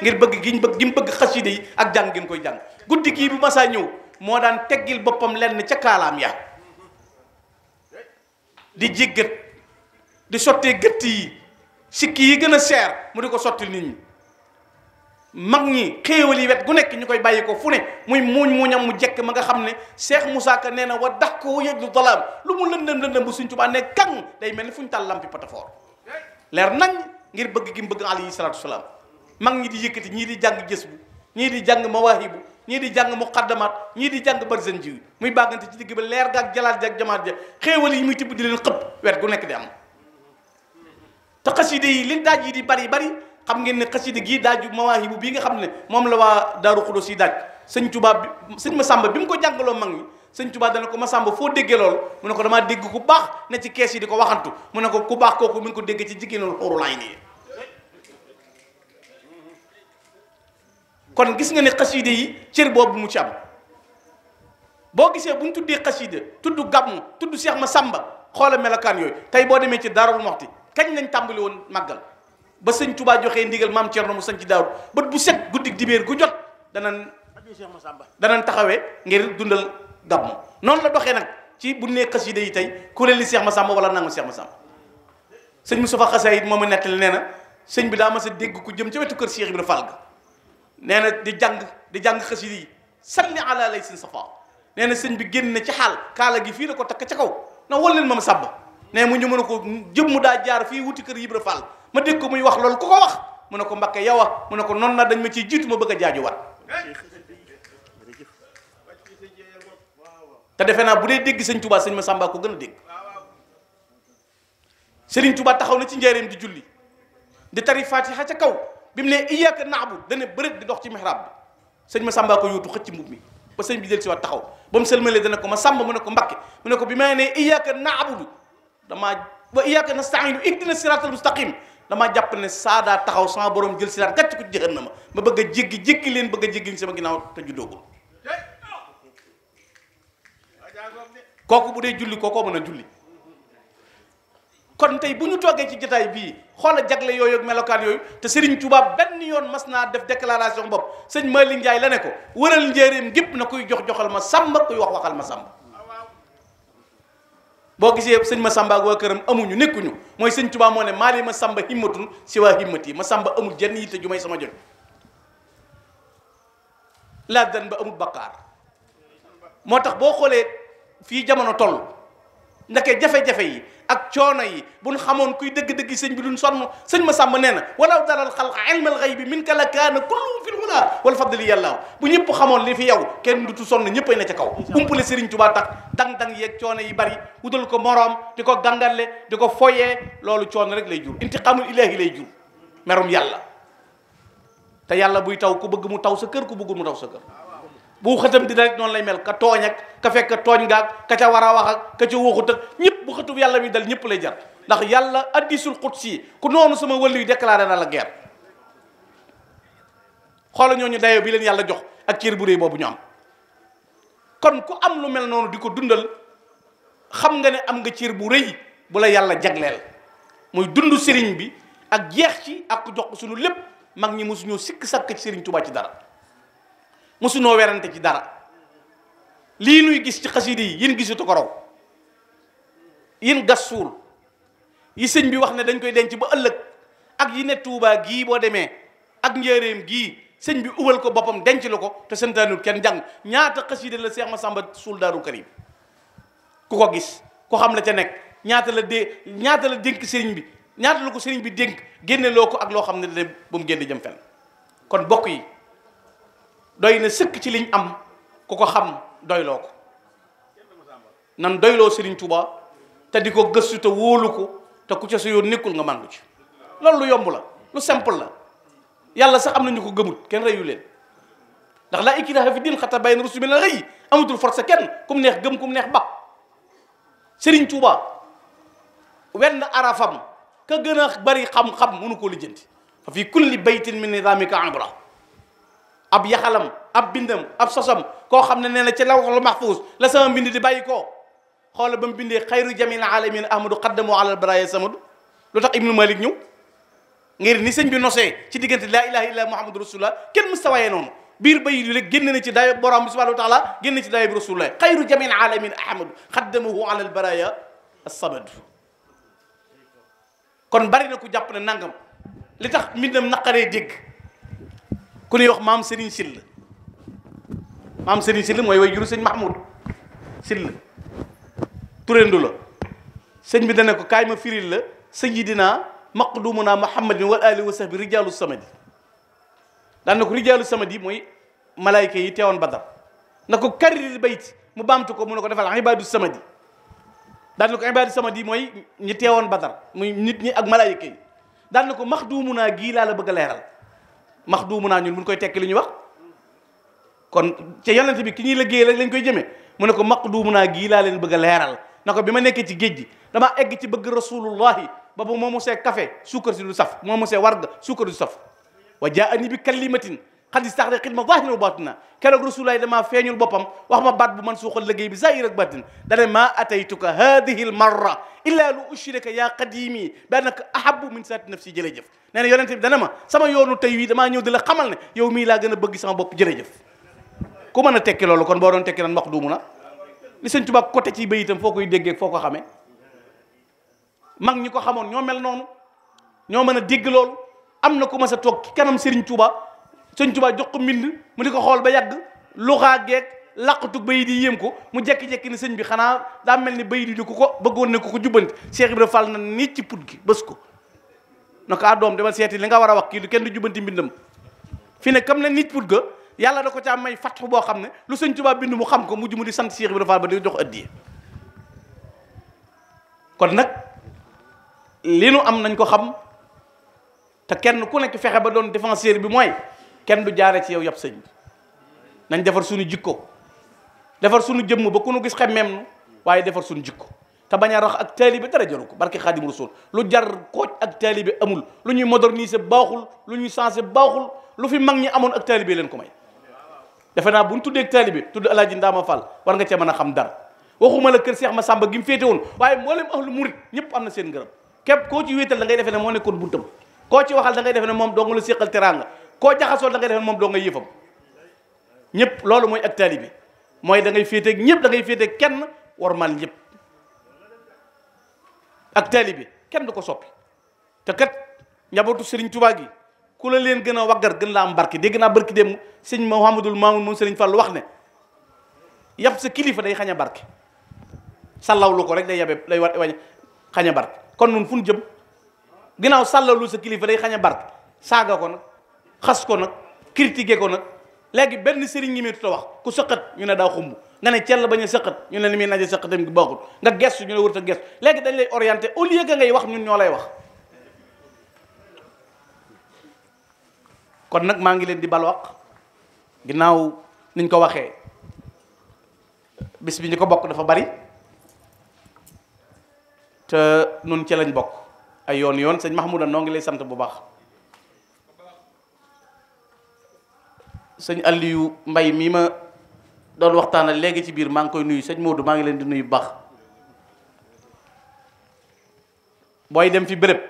ngir bëgg giñ bëgg mu bëgg xaside yi ak jàng gin koy jàng guddi gii kii ma saa ñëw moo daan teggil boppam lenn ca kaalaam ya di jéggat di sottee gëtt yi sikki yi gën a seer mu di ko sottil nit ñi mag ñi xéewal yi wet gu nekk ñu koy bàyyi ko fu ne muy muuñ muuñam mu jekk ma nga xam ne seex Moussa Ka nee na wa dax ko yëg lu dalaam lu mu lëndëm lëndëm bu suñ Tuubaa ne kang day mel ni fu ñu tàl lampi patafoor leer nag ngir bëgg gi mu bëgg alayhi salaatu salaam mag ñi di yëkkati ñii di jàng gës bu ñii di jàng mawaahibu ñii di jàng muqaddamaat ñii di jàng barzanji muy bàggante ci digg ba leer gaak jalaat jaak jamaat ja xéewal yi muy tibb di xëpp wet gu nekk di am te xaside yi li daaj yi di bari bari xam ngeen ne xaside gii daaju mawaahibu bii nga xam ne moom la waa Daaru Xudoos yi daaj sëñ Tuubaa bi sëñ Masamba bi mu ko jàngaloo mag ñi sëñ Tuubaa dana ko Masamba foo déggee loolu mu ne ko damaa dégg ku baax ne ci kees yi di ko waxantu mu ne ko ku baax kooku mu ngi ko dégg ci jigéenul xóorul ay nii kon gis nga ne xaside yi cër boobu mu ci am boo gisee bu ñu tuddee xaside tudd gàmmu tudd Seex Masamba xoola melokaan yooyu tey boo demee ci Daarul Muxti kañ lañ tàmbali woon màggal ba sëñ tubaa joxee ndigal maam Thierno mu sañ ci daaw bët bu set guddik dibéer gu jot danañ danañ taxawee ngir dundal gàmmu noonu la doxee nag ci bu ne xasida yi tey kuréel seex ma Massamba wala nangu Cheikh Massamba sëñ Moustapha Xasaayit moo ma nettali nee na sëñ bi daa mas a dégg ku jëm ca wetu kër Cheikh Ibrahima Fall ga nee na di jàng di jàng xasida yi salli ala lay seen safa nee na sëñ bi génn na ci xaal kaala gi fii la ko takk ca kaw na wal leen ma ma sàmba ne mu ñu mën ko jëmm daa jaar fii wuti kër Ibra Fall ma dégg ko muy wax loolu ko ko wax mu ne ko Mbakke yow a mu ne ko noonu na dañ ma ciy jiitu ma bëgg a jaajuwaat te defe naa bu dee dégg sëñ Touba sëñ Massamba ko gën a dégg Serigne Touba taxaw na ci njaareem di julli di tari Fatiha ca kaw bi mu ne iyyaka na'budu dana bëreet di dox ci mihrab bi sëñ Massamba ko yóotu xëcc mbubb mi ba sëñ bi jël si waat taxaw ba mu sëlmalee dana ko ma sàmba mu ne ko Mbakke mu ne ko bi ma nee iyyaka na'budu dama damaa wa iyyaka nasta'inu ihdina siratal mustaqim damaa jàpp ne saadaa taxaw sama boroom jël siraat gàcc ko jahannama ma bëgg a jéggi jéggi leen bëgg a jéggi sama ginnaaw te juddoogul kooku bu dee julli koo mën a julli kon tey bu ñu toogee ci jotaay bii xoola jagle yooyu melokaan yooyu te Serigne tubaab benn yoon mas naa def déclaration bopp sëñ Malick Ndiaye la ne ko wëral njéeréem gépp na kuy jox joxal ma sàmba kuy wax waxal ma sàmba boo gisee sëñ ma sàmba ak këram amuñu nekkuñu mooy sëñ Tuubaa moo ne maa leen ma sàmba himmatun si waa himmat yi ma sàmba amul jenn yitte ju may sama jot laa dan ba amul bakkaar moo tax boo xoolee fii jamono toll ndake jafe-jafe yi ak coono yi buñ xamoon kuy dëgg-dëgg sëñ bi duñ sonn sëñ ma sàmm nee na walaw daral xalqa ilmal xaybi min ka la kaana kulluhum fil huna wal fadli yàlla bu ñëpp xamoon li fi yow kenn dutu sonn ñëpp ay na ca kaw umpale sëriñ Tuubaa tax dang-dang yeeg coono yi bari wutal ko moroom di ko gàngalle di ko foyee loolu coono rek lay jur intiqaamul ilaahi lay jur merum yàlla te yàlla buy taw ku bëgg mu taw sa kër ku bëggul mu taw sa bu xëtam di rek noonu lay mel ka tooñ ak ka fekk tooñ gaag ka ca war a wax ak ka ca waxut ak ñëpp bu xëtub yàlla bi dal ñëpp lay jar ndax yàlla addisul si ku noonu sama wëllu yi déclaré na la guerre xoola ñooñu dayoo bi leen yàlla jox ak cër bu réy boobu ñu am kon ku am lu mel noonu di ko dundal xam nga ne am nga cër bu rëy bu la yàlla jagleel muy dund sëriñ bi ak jeex ci ak jox suñu lépp mag ñi mosuñoo sikk sàkk ci sëriñ Tuubaa ci dara mësunoo werante ci dara lii nuy gis ci xasida yi yéen gisutu ko raw yéen gas suul yi sëñ bi wax ne dañ koy denc ba ëllëg ak yi ne Tuubaa gii boo demee ak njëreem gii sëñ bi ubal ko boppam denc la ko te santaanul kenn jàng ñaata xasida la Seex Masamba suul Daaru Karim ku ko gis ku xam la ca nekk ñaata la dee la dénk sëriñ bi ñaata la ko sëriñ bi dénk génne loo ko ak loo xam ne da ba mu génn jëm fenn kon bokk yi doy na sëkk ci liñ am ku ko xam doyloo ko nan doyloo sëriñ Touba te di ko gëstu te wóolu ko te ku ca yoon nekkul nga màndu ci loolu lu yomb la lu simple la yàlla sax am nañu ko gëmut kenn reyu leen ndax laa ikraha fi diin xata bayyana rusulu mina l-ghayy amatul force kenn kum neex gëm kum neex ba Serigne Touba wenn arafam ka gën a bari xam-xam mënu koo lijjanti fa fi kulli baytin min nidaamika ibra ab yaxalam ab bindam ab sosam koo xam ne nee na ci lawhul mahfuz la sama mbind di bàyyi koo xoola ba mu bindee xayru jamil alamin ahmadu xaddamu alal baraya samadu lu tax ibnu malik ñëw sëñ bi nosee ci diggante laa ilaha illa muhammadu rasulullah kenn mës ta wayee biir bayi génn na ci dayo borom bi subhanahu wa génn ci dayo bi rasulullah xayru jamil alamin ahmadu xaddamahu kon bari na ku jàpp ne nangam li tax mbindam naqaree dégg ku ñuy wax maam Serigne Sill maam Serigne Sill mooy way juru sëñ Mahmoud Sill turendu la sëñ bi dana ko kaay ma firil la sëñ sayyidina maqdumuna muhammadin wal ali wa sahbi rijaalu samadi daan na ko rijaalu samadi mooy malaayka yi teewoon badar na ko karril bayt mu baamtu ko mu a ko defal ibaadu samadi daan na ko ibaadu samadi mooy ñi teewoon badar muy nit ñi ak malaayka yi daan na ko maxdumuna gii laa la bëgg a leeral max duumu naa ñun buñ koy tekki li ñuy wax kon ca yonent bi ki ñuy liggéey rek lañ koy jëmee mu ne ko maq duumu naa gii laa leen bëgg a leeral na ko bi ma nekkee ci géej gi damaa egg ci bëgg rasulullahi ba bu moo mosee kafe suukar si du saf moo mosee warga suukar du saf wa jaa ani bi kalimatin xad istaxraq ilma zahiran wa baatinan keroog rasulullahi damaa feeñul boppam wax ma baat bu man suuxal liggéey bi zahir ak baatin dane maa ataytuka hadihi l marra illa lu ushrika yaa qadimi bi annaka ahabu min saati nafsi jërëjëf nee na yonente bi dana ma sama yoonu tey wii dama ñëw di la xamal ne yow mii laa gën a bëgg sama bopp jëf ku mën a tekki loolu kon boo doon tekki nan maqduumu na li sëñ Tuubaa côté ci bayitam foo koy déggee foo ko xamee mag ñi ko xamoon ñoo mel noonu ñoo mën a dégg loolu am na ku mas a toog ci kanam Sëriñ Tuubaa sëñ Tuubaa jox ko mbind mu di ko xool ba yàgg luxaa geeg laqatug bayit yi yéem ko mu jekki-jekki ni sëñ bi xanaa daa mel ni bayit yi di ko ko bëggoon ne ko ko jubbanti Cheikh Ibra Fall na nit ci put gi bës ko na ko ah, doom dama seeti li nga war a wax kii du kenn du mbindam fi ne kam ne nit put ga yàlla da ko caa may fattu boo xam ne lu sëñ Tuubaa bind mu xam ko mujj mu di sant Cheikh Ibra Fall ba di jox addiye kon nag li nu am nañ ko xam te kenn ku nekk fexe ba doon défenseur bi mooy kenn du jaare ci yow yab sañ bi nañ defar suñu jikko defar suñu jëmm ba ku nu gis xemmeem nu waaye defar suñu jikko te bañ a rax ak taalibe dara jaru ko barke xaadim rasul lu jar kooj ak taalibe amul lu ñuy moderniser baaxul lu ñuy changer baaxul lu fi mag ñi amoon ak taalibe leen ko may defe naa bu ñu tuddee ak taalibe tudd alaaji Ndaama Fall war nga cee mën a xam dara waxuma la kër Seex Masamba gi mu féete woon waaye mboolem ahlu murit ñëpp am na seen ngërëm képp koo ci wéetal da ngay defe ne moo nekkoon buntam koo ci waxal da ngay defe ne moom dong la séqal teraanga koo jaxasoo da nga moom doo nga yëfam ñëpp loolu mooy ak taalibe bi mooy da ngay féeteeg ñëpp da ngay féeteeg kenn warmal ñëpp ak taalibe bi kenn du ko soppi te kat njabootu Serigne Touba gi ku la leen gën a waggar gën laa am barke dégg naa barke dem sëñ Mouhamadul Mamoun moom Serigne Fall wax ne yab sa kilifa day xañ a barke sàllawlu ko rek day yabe day wa wañ xañ a barke kon nun fu ñu jëm ginnaaw sàllawlu sa kilifa day xañ a barke saaga ko nag xas ko nag critiqué ko nag léegi benn sëriñ ngi métu wax ku sëqat ñu ne daa xumb nga ne cell bañ a sëqat ñu ne ni muy naje sëqatam gi baaxul nga gestu ñu ne wërta gestu léegi dañ lay orienté au lieu ngay wax ñun ñoo lay wax kon nag maa ngi leen di balwaq ginnaaw niñ ko waxee bis bi ñu ko bokk dafa bari te nun ci lañ bokk ay yoon yoon sëñ Mahmouda noo ngi lay sant bu baax sëñ àll yu Mbay mii ma doon waxtaanal léegi ci biir maa ngi koy nuyu sëñ Modou maa ngi leen di nuyu baax booy dem fi bërëb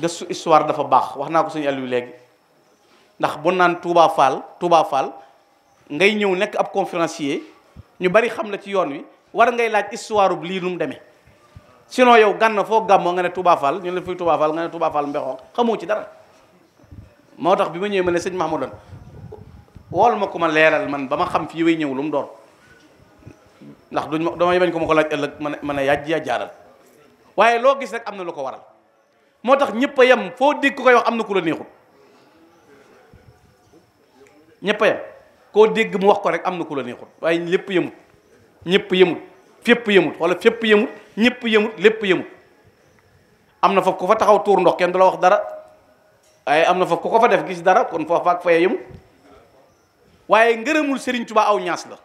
gëstu histoire dafa baax wax naa ko sëñ Aliou léegi ndax bu naan Touba Fall ngay ñëw nekk ab conférencier ñu bari xam la ci yoon wi war ngay laaj histoire bu lii nu mu demee sinon yow gànn foo gàmmoo nga ne Touba Fall ñu ne fuy Touba nga ne Touba Fall xamoo ci dara moo tax bi ma ñëwee ma ne sëñ Mahmoudan wool ma ku ma leeral man ba ma xam fii way ñëw lu mu doon ndax duñ ma damay ko ma ko laaj ëllëg man man a yàjj yaa jaaral waaye loo gis rek am na lu ko waral moo tax ñëpp a yem foo dégg ko koy wax am na ku la neexul ñëpp dégg mu wax ko rek am na ku la neexul waaye lépp yemut ñëpp yëmut fépp yëmut wala fépp yemut ñëpp yemut lépp yemut am na foofu ku fa taxaw tuur ndox kenn du la wax dara waaye am na foofu ku ko fa def gis dara kon foofa ak faya yemut waaye ngërëmul sëriñ Tuubaa aw ñaas la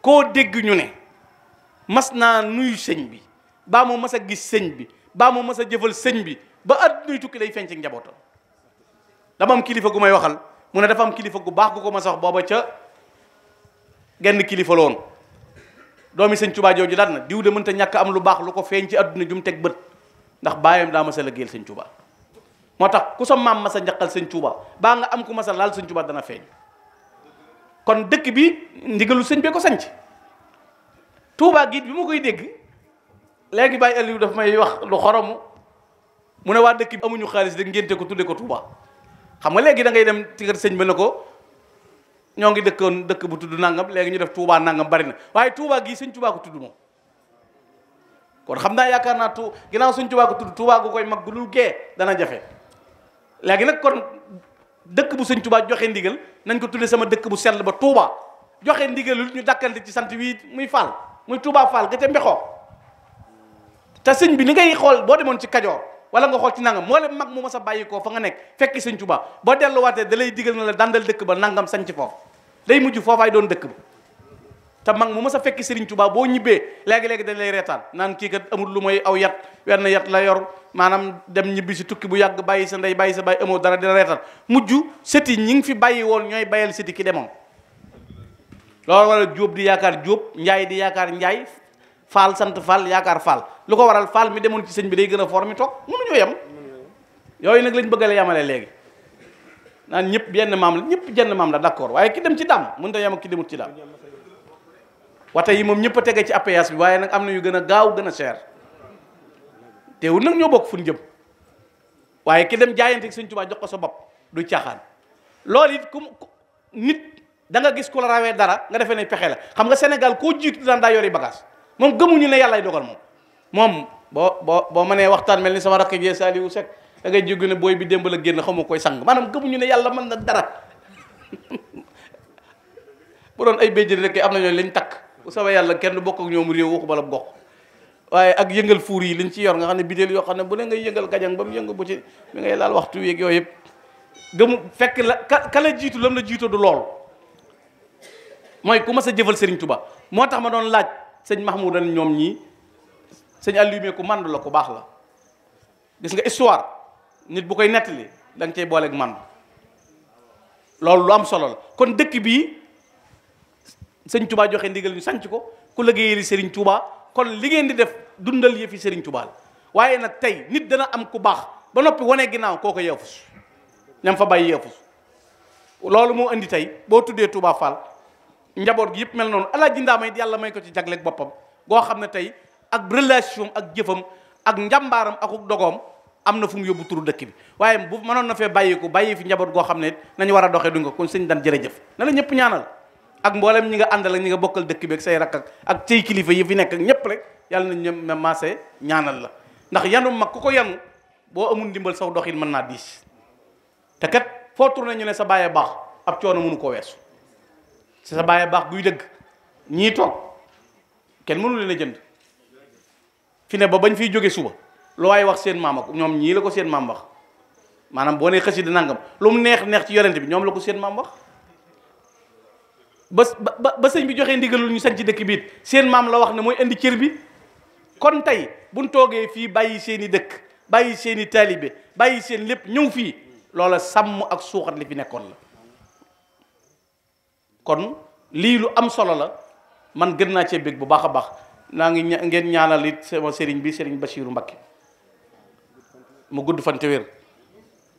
koo dégg ñu ne mas naa nuyu sëñ bi baa moo mas a gis sëñ bi baa moo mas a jëfal sëñ bi ba at nuy tukki day feeñ ci njabootam dama am kilifa gu may waxal mu ne dafa am kilifa gu baax gu ko ma sax booba ca genn kilifa la woon doomi sëñ Tuubaa jooju daat na diw de mënta ñàkk am lu baax lu ko feeñ ci àdduna jum teg bët ndax bàyyam daa mas a liggéeyal sëñ Tuubaa moo tax ku sa maam mas a njaqal sëñ Tuubaa baa nga am ku mas laal sëñ Tuubaa dana feeñ kon dëkk bi ndigalu sëñ bee ko sanc Touba gi bi ma koy dégg léegi Baye Aliou daf may wax lu xoromu mu ne waa dëkk amuñu xaalis de ngénte ko ko Touba xam nga léegi da ngay dem ci sëñ ba ne ko ñoo ngi dëkkoon dëkk bu tudd nangam léegi ñu def tuubaa nangam bari na waaye tuubaa gii sëñ Touba ko tudd moom. kon xam naa yaakaar naa tu ginnaaw sëñ Touba ko tudd Touba gu koy mag gu dul gee dana jafe léegi nag kon. dëkk bu sëñ tubaat joxe ndigal nañ ko tuddee sama dëkk bu sell ba Touba joxe ndigal ñu dàkkante ci sant wii muy Fall muy Touba Fall ga ca Mbexoo te sëñ bi li ngay xool boo demoon ci Kajoor wala nga xool ci nangam moo leen mag mu mas a bàyyi koo fa nga nekk fekki sëñ Touba boo delluwaatee da lay digal na la dandal dëkk ba nangam sañ sanc foofu day mujj foofaay doon dëkk ba te mag mu ma sa fekki Serigne Touba boo ñibbee léegi-léegi dañ lay reetaan naan kii kat amul lu mooy aw yat wenn yat la yor maanaam dem ñibbi si tukki bu yàgg bàyyi sa ndey bàyyi sa bàyyi amoo dara di la reetaan mujj sëti ñi ngi fi bàyyi woon ñooy bayal sëti ki demoon loolu waral Jóob di yaakaar Jóob Njaay di yaakaar Njaay Faal yaakaar Faal lu ko waral Faal mi demoon ci sëñ bi day gën a foor mi toog mënuñoo yem yooyu nag lañ bëgg a yemale léegi naan ñëpp benn maam la ñëpp jenn maam la d'accord waaye ki dem ci daam mënut a yem ak ki demut ci wata yi moom ñëpp a tege ci APS bi waaye nag am na yu gën a gaaw gën a cher teewul nag ñoo bokk fu ñu jëm waaye ki dem jaayanteeg Sëñ Tuubaa jox ko sa bopp du caaxaan loolu it ku nit da gis ku rawee dara nga defee ne pexe la xam nga Sénégal koo jiitu daan daa yori bagage moom gëmuñu ne yàllay dogal moom moom boo boo boo mënee waxtaan mel ni sama rakk jee Saliou Seck dangay ngay jóg ne booy bi démb la génn xamu koy sang maanaam gëmuñu ne yàlla mën na dara [laughs] bu doon ay béjjën rek am na ñooñu lañ takk bu soobee yàlla kenn du bokk ak ñoom réew waxu bala gox waaye ak yëngal fuur yi liñ ci yor nga xam ne bidéel yoo xam ne bu ne ngay yëngal gajang ba mu yëngu bu ci mi ngay laal waxtu yeeg yooyu yëpp gëmu fekk la ka ka la jiitu lam la jiitu du lool mooy ku ma sa jëfal Serigne Touba moo tax ma doon laaj sëñ Mahmoudan ñoom ñi sëñ Alioumé ku màndu la ku baax la gis nga histoire nit bu koy nettali da nga cay booleeg màndu loolu lu am solo la kon dëkk sëñ Touba joxe ndigal ñu sanc ko ku liggéeyali Serigne Touba kon li ngeen di def dundal yëfi Serigne Touba la waaye nag tey nit dana am ku baax ba noppi wane ginnaaw kooku yeefus ñam fa bàyyi yeefus loolu moo indi tey boo tuddee Touba Fall njaboot gi yëpp mel noonu alaaji ndaamay yàlla may ko ci jagleeg boppam goo xam ne tey ak relation ak jëfam ak njàmbaaram akuk dogoom am na fu mu yóbbu turu dëkk bi waaye bu mënoon na fee bàyyi ko bàyyi fi njaboot goo xam ne nañu war a doxee duñ ko sëñ daan jërëjëf ñëpp ñaanal. ak mboolem ñi nga àndal ak ñi nga bokkal dëkk bi ak say rakk ak say kilifa yi fi nekk ak ñëpp rek yàlla nañ ñoom même maase ñaanal la ndax yanu mag ku ko yanu boo amul ndimbal saw doxin mën naa diis te kat foo tourné ñu ne sa bàyyee baax ab coono mënu koo weesu sa bàyyee baax guy dëgg ñii toog kenn mënu leen a jënd fi ne ba bañ fiy jógee suba lu waaye wax seen maam ak ñoom ñii la ko seen maam wax maanaam boo nee xasida nangam lu mu neex neex ci yorente bi ñoom la ko seen maam ba ba ba sëñ bi joxee ndigalul ñu sanc dëkk biit seen maam la wax ne mooy indi cër bi kon tey bu buñ toogee fii bàyyi seen dëkk bàyyi seen i taalibe bàyyi seen lépp ñëw fii loola sàmm ak suuxat li fi nekkoon la kon lii lu am solo la man gën naa cee bég bu baax a baax naa ngi ngeen ñaanal it sama sëriñ bi sëriñ Bachirou Mbacké mu gudd fan te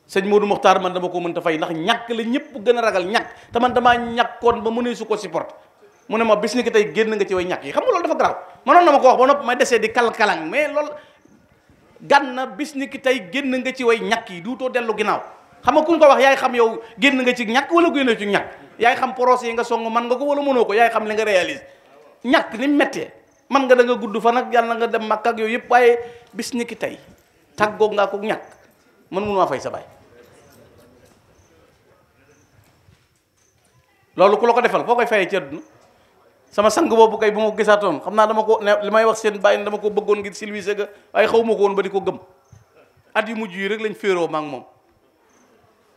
sëñ Modou Mokhtar man dama ko mënta fay ndax ñàkk la ñëpp gën a ragal ñàkk te man damaa ñàkkoon ba mu ne su ko supporté mu ne ma bis ni ki tey génn nga ci way ñàkk yi xam nga loolu dafa garaaw mënoon na ko wax ba nopp may desee di kalkalang mais loolu gan na bis ni ki tey génn nga ci way ñàkk yi duutoo dellu ginnaaw xam nga ku ñu ko wax yaay xam yow génn nga ci ñàkk wala génn ci ñàkk yaay xam procès yi nga song man nga ko wala mënoo ko yaay xam li nga réalise ñàkk ni méttee man nga da nga gudd fa nag yàlla nga dem màkk ak yooyu yëpp waaye bis ni ki tey tàggoo ngaa ko ñàkk man mënumaa fay sa baay loolu ku la ko defal foo koy fayee ci àdduna sama sang boobu kay bu ma ko gisaatoon xam naa dama ko ne li may wax seen bàyyi dama ko bëggoon ngir silvise ga waaye xaw ma ko woon ba di ko gëm at yu mujj yi rek lañ féeroo maak moom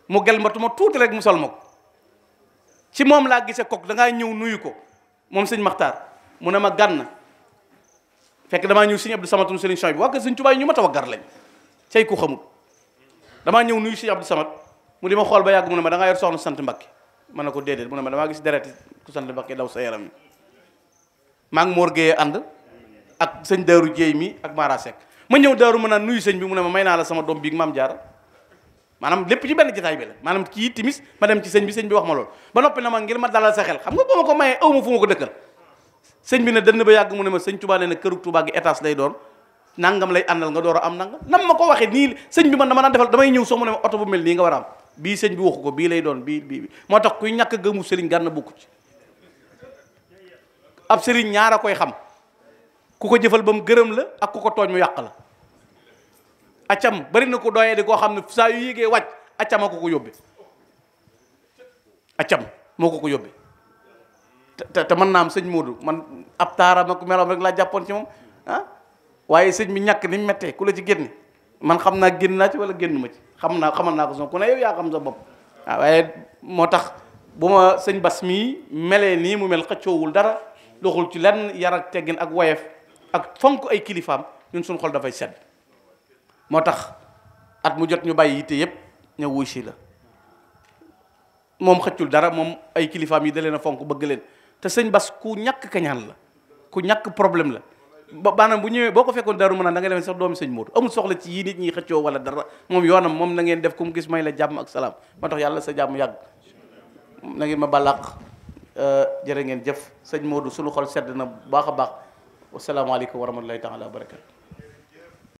mu gel matuma tuuti rek mu sol ma ko ci moom laa gisee kooku dangaa ñëw nuyu ko moom sëñ maxtaar mu ne ma gànn fekk damaa ñëw sëñ Abdou Samad mu sëriñ Chouaïb bi waa kër sëñ Tuubaa ñu ma taw a gar lañ cay ku xamul damaa ñëw nuyu sëñ Abdou Samad ma xool ba yàgg mu ne ma dangaa yor soxna sant Mbàkke man na ko déedéet mu ne ma damaa gis deret ku sant Mbakke daw sa yaram yi maa ngi Mor Gueye ànd ak sëñ Daaru Jéey mi ak Mara Seck ma ñëw Daaru mën naa nuyu sëñ bi mu ne ma naa la sama doom bii maam jaara lépp ci benn jotaay bi la maanaam kii timis ma dem ci sëñ bi sëñ wax ma lool ba noppi na ma ngir ma dalal sa xel xam nga boo ma ma fu ma ko dëkkal sëñ bi ne dënn ba yàgg mu ne ma sëñ Tuubaa nee na këru Tuubaa gi étage lay doon nangam lay nga door a am nangam nam ma ko waxee nii sëñ bi man dama naan defal damay ñëw soo mu ne ma oto bu mel nii nga war a am bii sëñ bi waxu ko bii lay doon bii bii moo tax kuy ñàkk gëmu sëriñ gànna bokku ci ab sëriñ ñaar a koy xam ku ko jëfal ba mu gërëm la ak ku ko tooñ mu yàq la accam bari na ko doyee di koo xam ne saa yu yéegee wàcc acam a ko ko yóbbe acam moo ko ko yóbbe te te mën naa am sëñ Modou man ab taaram ak meloom rek laa jàppoon ci moom ah. waaye sëñ bi ñàkk ni mettee ku la ci génne man xam naa génn naa ci wala génn ma ci xam naa xamal naa ko son ku ne yow yaa xam sa bopp waaw waaye moo tax bu ma sëñ bas mii melee nii mu mel xëccoowul dara doxul ci lenn yar ak teggin ak woyef ak fonk ay kilifaam ñun suñu xol dafay sedd moo tax at mu jot ñu bàyyi yitte yépp ñëw wuy si la moom xëccul dara moom ay kilifaam yi da leen fonk bëgg leen te sëñ bas ku ñàkk kañaan la ku ñàkk problème la ba maanaam bu ñëwee boo ko fekkoon dara mën naan da nga demee sax doomi sëñ Moodu amul soxla ci yii nit ñi xëccoo wala dara moom yoonam moom na ngeen def ku mu gis may la jàmm ak salaam moo tax yàlla sa jàmm yàgg na ngeen ma balaq euh, jërë ngeen jëf sëñ Moodu sunu xol sedd na bu baax a baax wasalaamaaleykum wa rahmatulahi taala wa barakatu